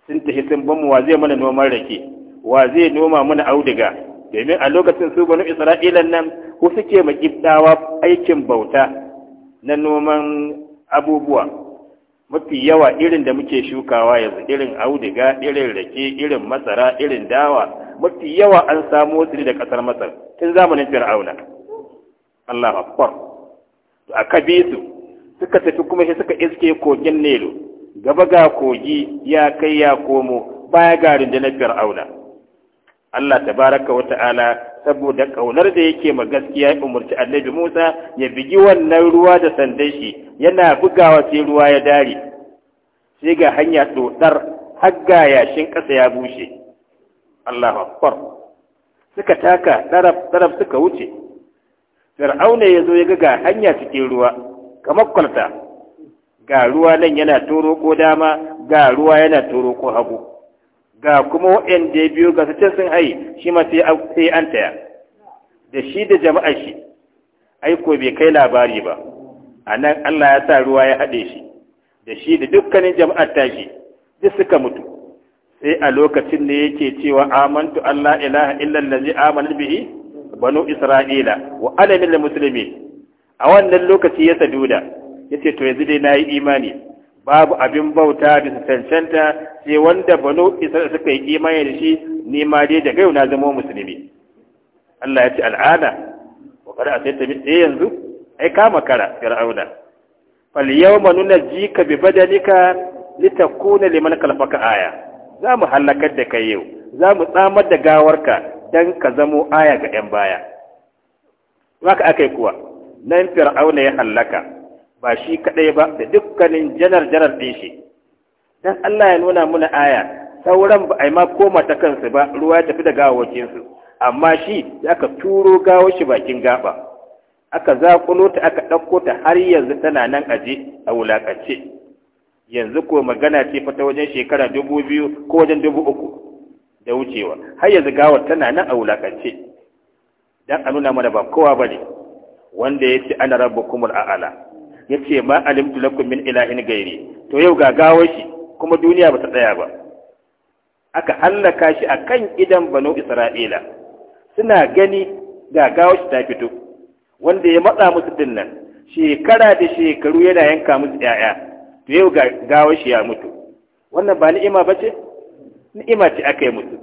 sun tafi sun bamu wa zai mana noman rake wa zai noma mana auduga domin a lokacin su banu isra'ilan nan ko suke makibdawa aikin bauta na noman abubuwa mafi yawa irin da muke shukawa yanzu irin auduga irin rake irin masara irin dawa mafi yawa an samo su da kasar masar tun zamanin fir'auna Allah akbar to aka bi su suka tafi kuma shi suka iske kogin nelo gaba ga kogi ya kai ya komo baya ga rundunar fir'auna Allah tabaraka wa ta'ala saboda kaunar da yake ma gaskiya ya umarci annabi Musa ya bigi wannan ruwa da sandan shi yana bugawa sai ruwa ya dare sai ga hanya tsotsar har ga yashin ƙasa ya bushe Allahu akbar suka taka tsaraf, tsaraf suka wuce Fir'auna ya zo ya ga hanya cikin ruwa kamar kwalta ga ruwa nan yana turo ko dama ga ruwa yana turo ko hagu ga kuma waɗanda ya biyo ga su sun hai shi ma sai an taya da shi da jama'ar shi aiko bai kai labari ba a nan Allah ya sa ruwa ya haɗe shi da shi da dukkanin jama'ar tashi duk suka mutu sai a lokacin da yake cewa amantu Allah ilaha illallazi amanat bihi banu isra'ila wa alamin muslimin a wannan lokaci ya saduda ya ce to yanzu dai na yi imani babu abin bauta bisa cancanta sai wanda bano isa da suka yi imani da shi ni ma dai da na zama musulmi Allah ya ce al'ada, wa kada sai ta mitse eh, yanzu ai kama kara fir'auna fal yawma nunajjika bi badanika litakuna liman kalfaka aya za mu halakar da kai yau za mu tsamar da gawarka dan ka zamo aya ga yan baya haka akai kuwa nan fir'auna ya hallaka ba shi kadai ba da dukkanin janar janar din shi dan Allah ya nuna muna aya sauran ba a ma koma ta kansu ba ruwa ya tafi da gawawakin su amma shi aka turo gawo shi bakin gaba aka zakulo ta aka ɗauko ta har yanzu tana nan aje a wulakace yanzu ko magana ce fa ta wajen shekara dubu biyu ko wajen dubu uku da wucewa har yanzu gawar tana nan a wulakance dan a nuna mana ba kowa bane wanda ya ce ana rabu kumul a'ala ya ce ma alimtu lakum min ilahin gairi to yau ga gawo shi kuma duniya ba ta tsaya ba aka hallaka shi a kan idan banu isra'ila suna gani ga gawo shi ta fito wanda ya matsa musu dinnan shekara da shekaru yana yanka musu 'ya'ya to yau ga gawo shi ya mutu wannan ba ni'ima ba ce ni'ima ce aka yi musu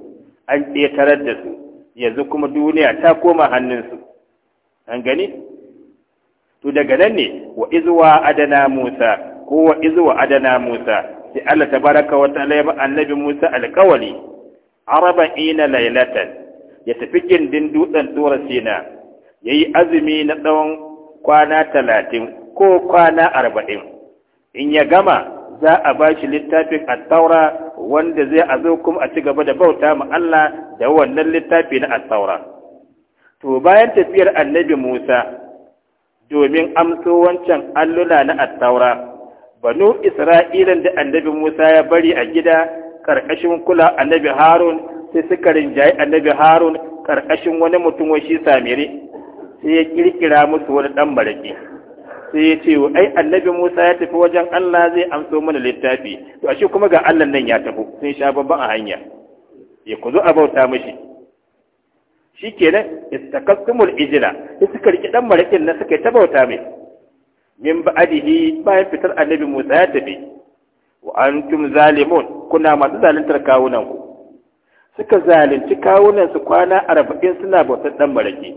an ƙetarar da su yanzu kuma duniya ta koma hannunsu an gani to daga nan ne wa izuwa adana Musa ko wa izuwa adana Musa sai Allah ta wa wata ya annabi Musa alƙawali Ina laylatan ya tafi gindin dutsen Dora Sina yayi azumi na tsawon kwana talatin ko kwana arba'in in ya gama za a ba shi littafin attaura wanda zai a zo kuma a ci gaba da bauta ma Allah da wannan littafi na attaura to bayan tafiyar annabi Musa domin amso wancan alluna na attaura banu isra'ilan da annabi musa ya bari a gida ƙarƙashin kula annabi harun sai suka rinjaye annabi harun ƙarƙashin wani mutum shi samiri sai ya kirkira musu wani ɗan maraƙi sai ya ce ai annabi musa ya tafi wajen allah zai amso mana littafi to ashe kuma ga allah nan ya tafi sun sha babban a hanya ya ku zo a bauta mishi shi kenan izina da suka riƙe ɗan marakin na suka yi ta bauta mai min adihi bayan fitar annabi Musa ya tafi wa antum zalimun kuna masu zaluntar kawunan ku suka zalunci kawunan su kwana arba'in suna bautar ɗan maraki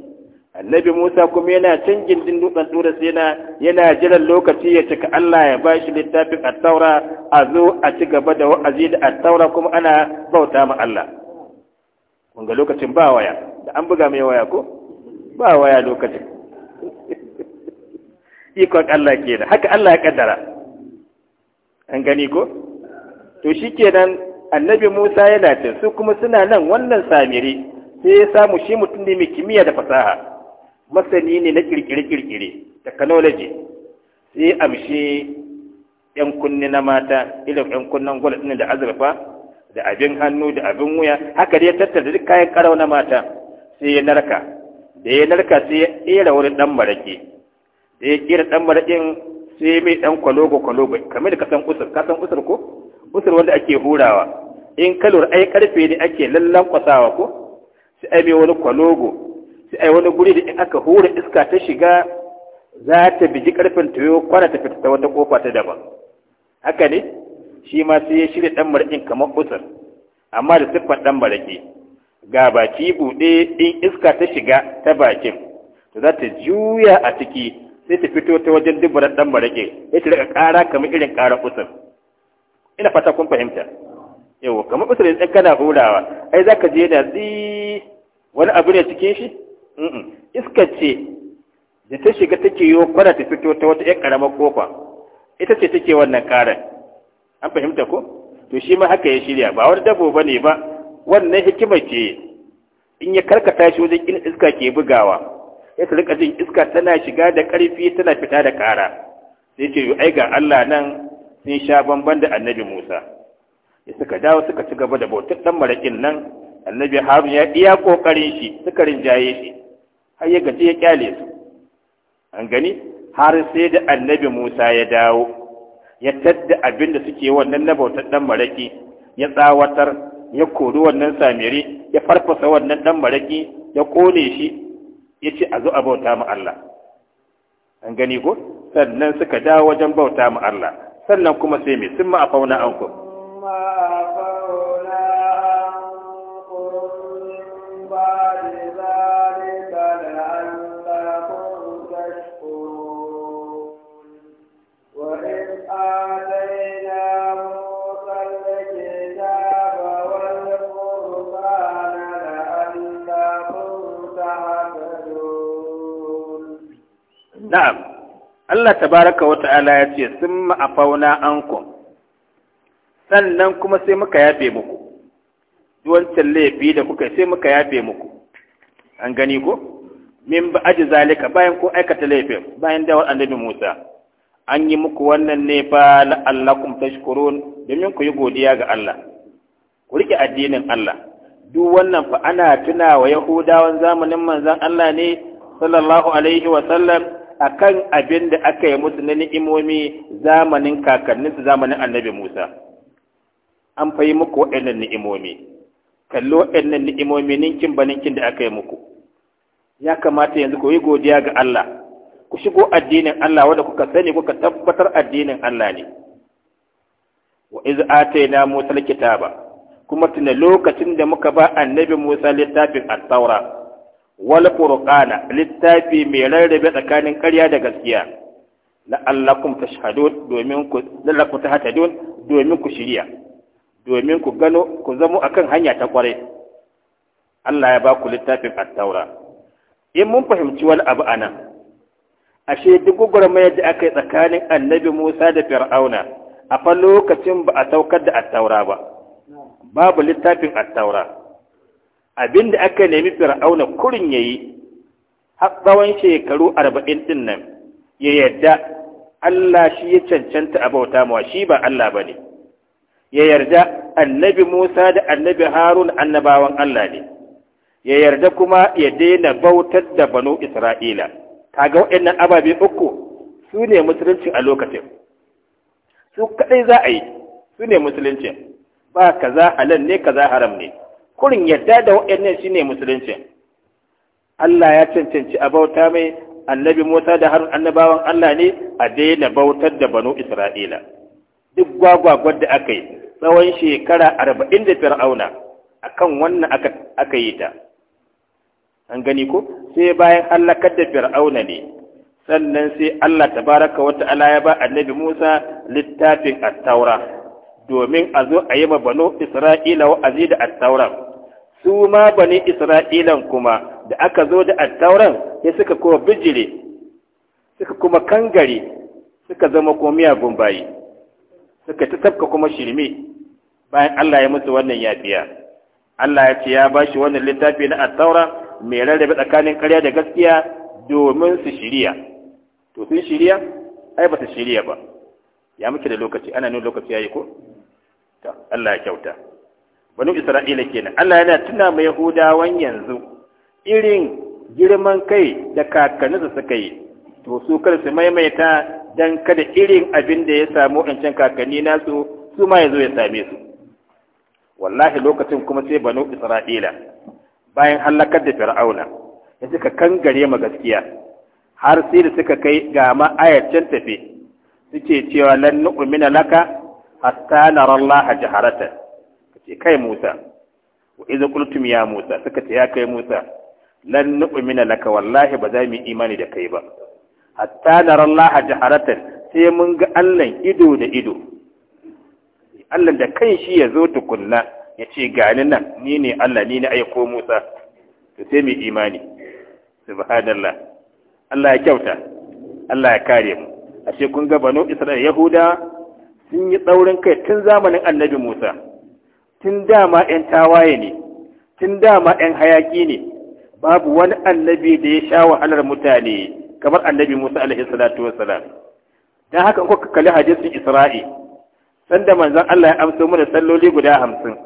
annabi Musa kuma yana can gindin dutsen tura sai yana jiran lokaci ya cika Allah ya ba shi littafin at-taura a zo a ci gaba da wa'azi da at-taura kuma ana bauta ma Allah kun ga lokacin ba waya da an buga mai waya ko ba waya lokacin ikon Allah ke da haka Allah ya kaddara an gani ko to shi kenan annabi Musa yana cin su kuma suna nan wannan samiri sai ya samu shi mutum ne mai kimiyya da fasaha masani ne na kirkire-kirkire technology sai amshi yan kunni na mata irin yan kunnan gwal ɗin da azurfa da abin hannu da abin wuya haka dai tattara duk kayan karau na mata sai ya narka da ya narka sai ya kera wani dan marake da ya kera dan marakin sai mai dan kwalogo kwalogo kamar da kasan usur kasan usur ko usur wanda ake hurawa in kalur ai karfe ne ake lallan kwasawa ko sai ai mai wani kwalogo sai ai wani guri da in aka hura iska ta shiga za ta biji karfin tuyo kwana ta fita ta wata kofa ta daban haka ne shi ma sai ya shirya ɗan maraƙin kamar kusur amma da siffar ɗan maraƙi ga baki buɗe in iska ta shiga ta bakin to za ta juya a ciki sai ta fito ta wajen dubarar ɗan maraƙi ya ta daga ƙara kamar irin ƙara kusur ina fata kun fahimta yawa kamar kusur in kana hurawa ai za ka je yana tsi wani abu ne cikin shi iska ce da ta shiga take yi kwana ta fito ta wata 'yan ƙaramar kofa ita ce take wannan ƙarar an fahimta ko to shi ma haka ya shirya ba wani dabo ba ne ba wannan hikima ce in ya karkata shi wajen in iska ke bugawa ya ta rika jin iska tana shiga da karfi tana fita da kara sai ce ai ga Allah nan sun sha bamban da annabi Musa ya suka dawo suka ci gaba da bautar dan marakin nan annabi Harun ya iya kokarin shi suka rinjaye shi har ya gaji ya kyale su an gani har sai da annabi Musa ya dawo ya tadda abin da suke wannan na bautar ɗan maraki ya tsawatar ya kori wannan samiri ya farfasa wannan ɗan maraki ya kone shi ya ce a zo a bauta mu Allah an gani ko sannan suka dawo wajen bauta mu Allah sannan kuma sai mai sun ma a fauna an ku na'am Allah tabaraka wa ta'ala ya ce sun ma'afauna ankum sannan kuma sai muka yafe muku wancan laifi da kuka sai muka yafe muku an gani ko min ba aji zalika bayan ko aikata laifin bayan dawar annabi Musa an yi muku wannan ne fa la'allakum tashkurun domin ku yi godiya ga Allah ku rike addinin Allah duk wannan fa ana tuna wa Yahudawan zamanin manzan Allah ne sallallahu alaihi wa sallam akan abin da aka yi musu na ni'imomi zamanin kakanninsu zamanin annabi Musa an fayi muku waɗannan ni'imomi kallo waɗannan ni'imomi ninkin ba ninkin da aka yi muku ya kamata yanzu ku yi godiya ga Allah ku shigo addinin Allah wanda kuka sani kuka tabbatar addinin Allah ne wa iz atayna Musa kitaba kuma tuna lokacin da muka ba annabi Musa littafin a wal littafi mai rarrabe tsakanin ƙarya da gaskiya la'allakum tashhadun domin ku la'allakum tahtadun domin ku shirya domin ku gano ku zamo akan hanya ta kware Allah ya ba ku littafin at-taura in mun fahimci wani abu anan ashe duk gwagwarmayar da aka yi tsakanin annabi Musa da Fir'auna a fa lokacin ba a saukar da taura ba babu littafin attaura Abin da aka nemi fir'auna kurin ya yi tsawon shekaru arba'in din nan ya yarda Allah shi ya cancanta a bauta mawa shi ba Allah ba ne ya yarda annabi Musa da annabi Harun annabawan Allah ne ya yarda kuma ya daina bautar da banu Isra'ila kaga waɗannan ababe uku su ne musulunci a lokacin su kadai za a yi su ne musulunci ba kaza halal ne kaza haram ne kurin yadda da waɗannan ne musulunci Allah ya cancanci a bauta mai annabi Musa da harin annabawan Allah ne a daina bautar da banu Isra'ila duk gwagwagwar da aka yi tsawon shekara arba'in da fir'auna kan wannan aka yi ta an gani ko sai bayan halakar da fir'auna ne sannan sai Allah ta baraka wata ala ya ba annabi Musa littafin a taura domin a zo a yi ma bano Isra'ila wa'azi da a su ma bani isra'ilan kuma da aka zo da attauran ya suka kuma bijire suka kuma kangare suka zama kuma miyagun bayi suka ta tafka kuma shirme bayan Allah ya musu wannan yafiya Allah ya ce ya ba shi wannan littafi na attaura mai rarrabe tsakanin ƙarya da gaskiya domin su shirya to sun shirya ai ba su shirya ba ya muke da lokaci ana nuna lokaci yayi ko Allah ya kyauta banu isra'ila kenan Allah yana tuna mai yahudawan yanzu irin girman kai da da suka yi to su kar su maimaita dan kada irin abin da ya samu wancan kakanni nasu su ma zo ya same su wallahi lokacin kuma sai banu isra'ila bayan halakar da fir'auna ya suka kangare ma gaskiya har sai da suka kai ga ma can tafi suke cewa lan nu'mina laka hatta nara jaharatan ce kai Musa wa idza qultum ya Musa suka ce ya kai Musa lan nu'mina laka wallahi ba za mu imani da kai ba hatta nara Allah jaharatan sai mun ga Allah ido da ido Allah da kanshi ya zo tukunna ya ce gani nan ni ne Allah ni ne aiko Musa to sai mu imani subhanallah Allah ya kyauta Allah ya kare mu ashe kun ga banu Isra'ila Yahuda sun yi tsaurin kai tun zamanin Annabi Musa tun dama 'yan tawaye ne tun dama 'yan hayaki ne babu wani annabi da ya sha wahalar mutane kamar annabi Musa alaihi salatu wassalam dan haka kuka kalli hadisin Isra'i sanda manzan Allah ya amsa mana salloli guda hamsin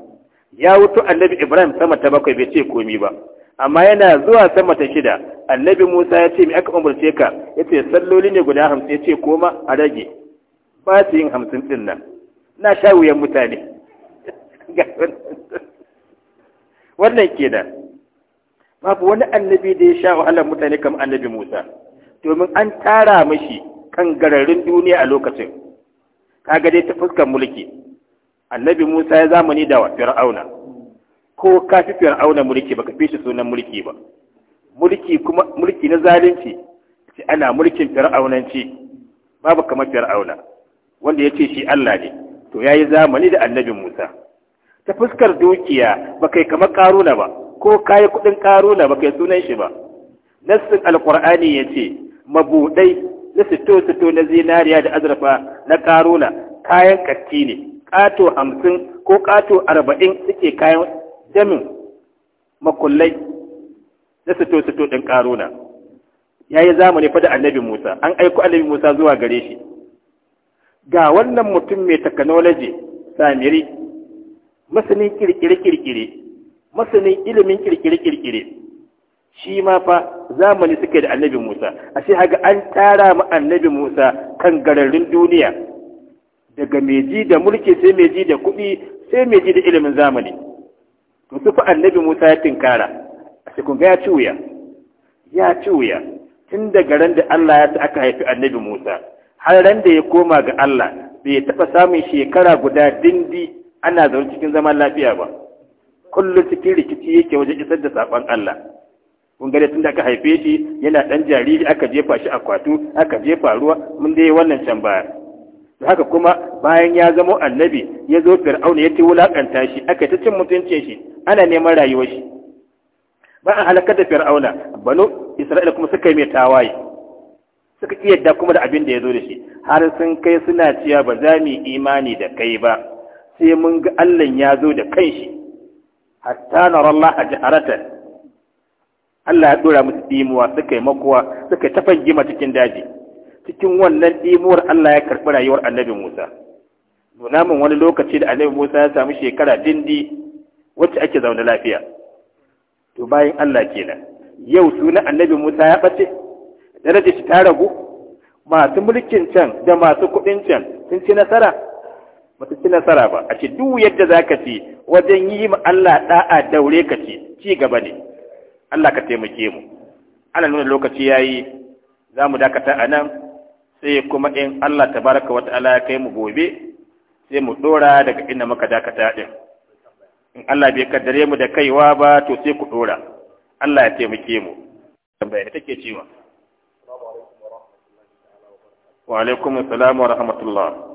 ya wuto annabi Ibrahim sama ta bakwai bai ce komi ba amma yana zuwa sama ta shida annabi Musa ya ce me aka umarce ka yace salloli ne guda hamsin ya ce koma a rage ba su yin hamsin ɗinnan. nan na sha wuyan mutane wannan kenan babu wani annabi da ya sha wahalar mutane kamar annabi Musa domin an tara mashi kan gararin duniya a lokacin kaga dai ta fuskar mulki annabi Musa ya zamani da Fir'auna ko ka fi Fir'auna mulki baka fi shi sunan mulki ba mulki kuma mulki na zalunci ce ana mulkin Fir'aunanci babu kamar Fir'auna wanda ya ce shi Allah ne to yayi zamani da annabi Musa ta fuskar dukiya ba kai kamar karuna ba ko kayi kudin karuna ba kai sunan shi ba nassin alkur'ani yace ce mabuɗai na sito-sito na zinariya da azurfa na karuna kayan katti ne ƙato hamsin ko ƙato arba'in suke kayan jamin makullai na sito-sito ɗin karuna ya yi zamani fa da annabi musa an aiko annabi musa zuwa gare shi ga wannan mutum mai technology samiri masanin kirkire-kirkire masanin ilimin kirkire-kirkire shi ma fa zamani suke da annabi Musa ashe haga an tara mu annabi Musa kan gararin duniya daga meji da mulki sai meji da kuɗi sai meji da ilimin zamani to su fa annabi Musa ya tinkara shi kun ga ya ci wuya ya ci tun daga ran da Allah ya ta aka haifi annabi Musa har ran da ya koma ga Allah bai taɓa samun shekara guda dindi ana zaune cikin zaman lafiya ba kullum cikin rikici yake wajen isar da saƙon Allah kun gare tun da aka haife shi yana ɗan jariri aka jefa shi a kwatu aka jefa ruwa mun dai wannan can baya haka kuma bayan ya zama annabi ya zo fir'auna ya ci wulakanta shi aka ta cin mutuncin shi ana neman rayuwar shi ba a halakar da fir'auna banu isra'ila kuma suka yi mai tawaye suka iya yadda kuma da abin da ya zo da shi har sun kai suna cewa ba za mu imani da kai ba sai mun ga Allah ya zo da kanshi hatta nara Allah jaharatan Allah ya dora musu dimuwa suka yi makuwa suka tafan gima cikin daji cikin wannan dimuwar Allah ya karɓi rayuwar annabi Musa nuna min wani lokaci da annabi Musa ya samu shekara dindi wacce ake zaune lafiya to bayan Allah kenan yau sunan annabi Musa ya ɓace darajar shi ta ragu masu mulkin can da masu kuɗin can sun ci nasara ba ta ci nasara ba a ce duk yadda za ka ci wajen yi ma Allah da'a daure ka ci ci gaba ne Allah ka taimake mu ana nuna lokaci ya yi za mu dakata a nan sai kuma in Allah ta wa ta'ala ya kai mu gobe sai mu dora daga inda muka dakata din in Allah bai kaddare mu da kaiwa ba to sai ku dora Allah ya taimake mu tambaya da take cewa wa alaikum assalam wa rahmatullah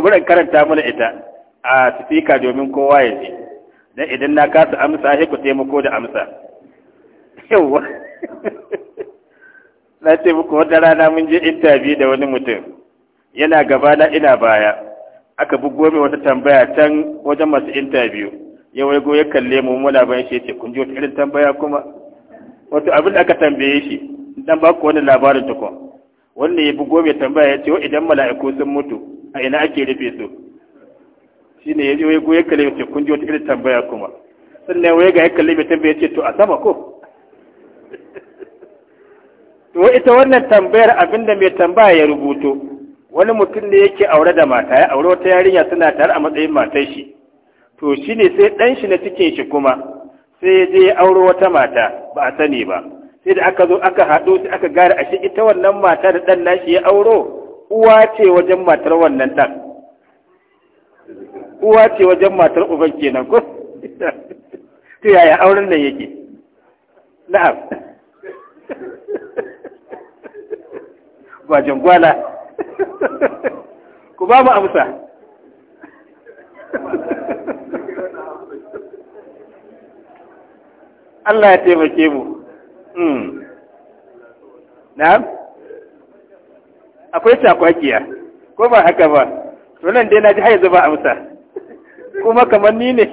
bari in karanta mana ita a sifika domin kowa ya ji dan idan na kasa amsa sai ku taimako da amsa yawa na ce muku wata rana mun je intabi da wani mutum yana gaba na ina baya aka bugo mai wata tambaya can wajen masu interview ya waigo ya kalle mu muna bayan shi ce kun ji wata irin tambaya kuma wato abin da aka tambaye shi dan ba ku wani labarin tukun wannan ya bugo mai tambaya ya ce wa idan mala'iku sun mutu a ina ake rufe su shine yaje wai goye kalle mai kun ji wata irin tambaya kuma sannan wai ga ya kalle mai tambaya ce to a sama ko to ita wannan tambayar abinda mai tambaya ya rubuto wani mutum ne yake aure da mata ya aure wata yarinya suna tare a matsayin matar shi to shine sai dan shi na cikin shi kuma sai ya je ya aure wata mata ba a sani ba sai da aka zo aka haɗu sai aka gara ashe ita wannan mata da ɗan nashi ya auro uwa ce wajen matar wannan ɗan uwa ce wajen matar uban kenan ko to yaya auren nan yake na'am ba gwala ku ba mu amsa Allah ya taimake mu hmm. na'am akwai cakwakiya ko ba haka ba to nan dai na ji haizu ba amsa kuma kamar ni ne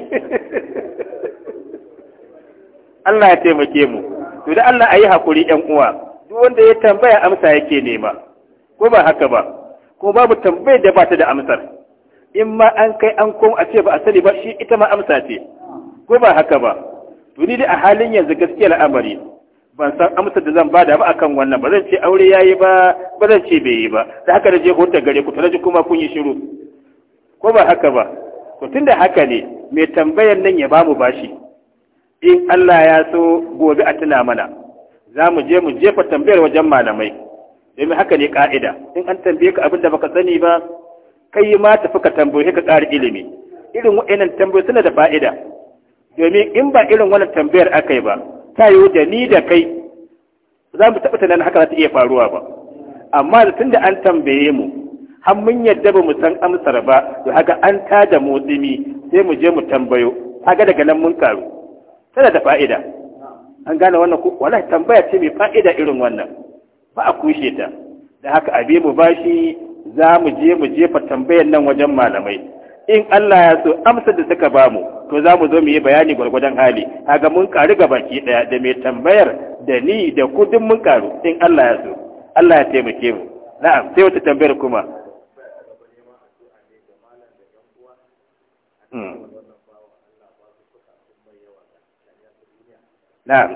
Allah ya taimake mu to da Allah ayi hakuri 'yan uwa duk wanda ya tambaya amsa yake nema ko ba haka ba ko babu tambayar da ba ta da amsar in ma an kai an koma a ce ba a sani ba shi ita ma amsa ce ko ba haka ba to ni dai a halin yanzu gaskiya al'amari ban san amsar da zan ba da ba akan wannan ba zan ce aure yayi ba ba zan ce bai yi ba da haka da je hotar gare ku tare kuma kun yi shiru ko ba haka ba to tunda haka ne mai tambayar nan ya ba mu bashi in Allah ya so gobe a tuna mana za mu je mu jefa tambayar wajen malamai domin haka ne ka'ida in an tambaye ka abin da baka sani ba kai ma tafi ka tambaye ka ƙara ilimi irin wa'annan tambayoyi suna da fa'ida domin in ba irin wannan tambayar aka yi ba ta yi da ni da kai za mu taɓa tunanin haka za ta iya faruwa ba amma da tun da an tambaye mu har mun yadda ba mu san amsar ba to haka an tada motsimi sai mu je mu tambayo haka daga nan mun karu tana da fa'ida an gane wannan ko wallahi tambaya ce mai fa'ida irin wannan ba a kushe ta da haka abi mu bashi za mu je mu jefa tambayar nan wajen malamai in Allah ya so amsar da suka bamu to za mu zo mu yi bayani gwargwadon hali haka mun karu ga baki daya da mai tambayar da ni da kudin mun karu in Allah ya so Allah ya taimake mu na'am sai wata tambayar kuma hmm. na'am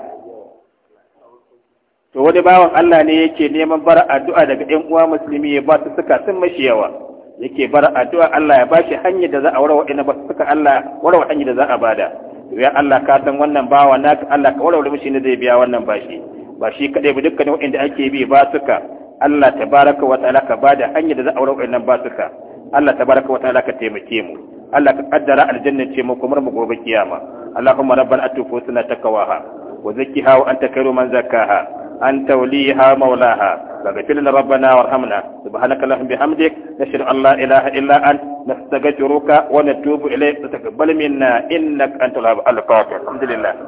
to wani bawan Allah ne yake neman bar addu'a daga ƴan uwa musulmi ya ba su suka sun mashi yawa yake bar addu'a Allah ya bashi hanyar da za a warwa ina ba suka Allah warwa hanyar da za a bada ya Allah ka san wannan bawa na Allah ka warwa mishi ne zai biya wannan bashi ba shi kadai ba dukkan wanda ake bi ba suka Allah tabaraka wa ta'ala ka bada hanyar da za a warwa ina ba suka Allah tabaraka wa ta'ala ka taimake mu Allah ka kaddara aljanna ce mu kuma mu gobe kiyama Allahumma rabbana atufu sunna takawaha wa zakkiha wa anta khairu man zakkaha أن توليها مولاها فاغفر لنا ربنا وارحمنا سبحانك اللهم بحمدك نشهد أن لا إله إلا أنت نستغفرك ونتوب إليك وتقبل منا إنك أنت الغفور الحمد لله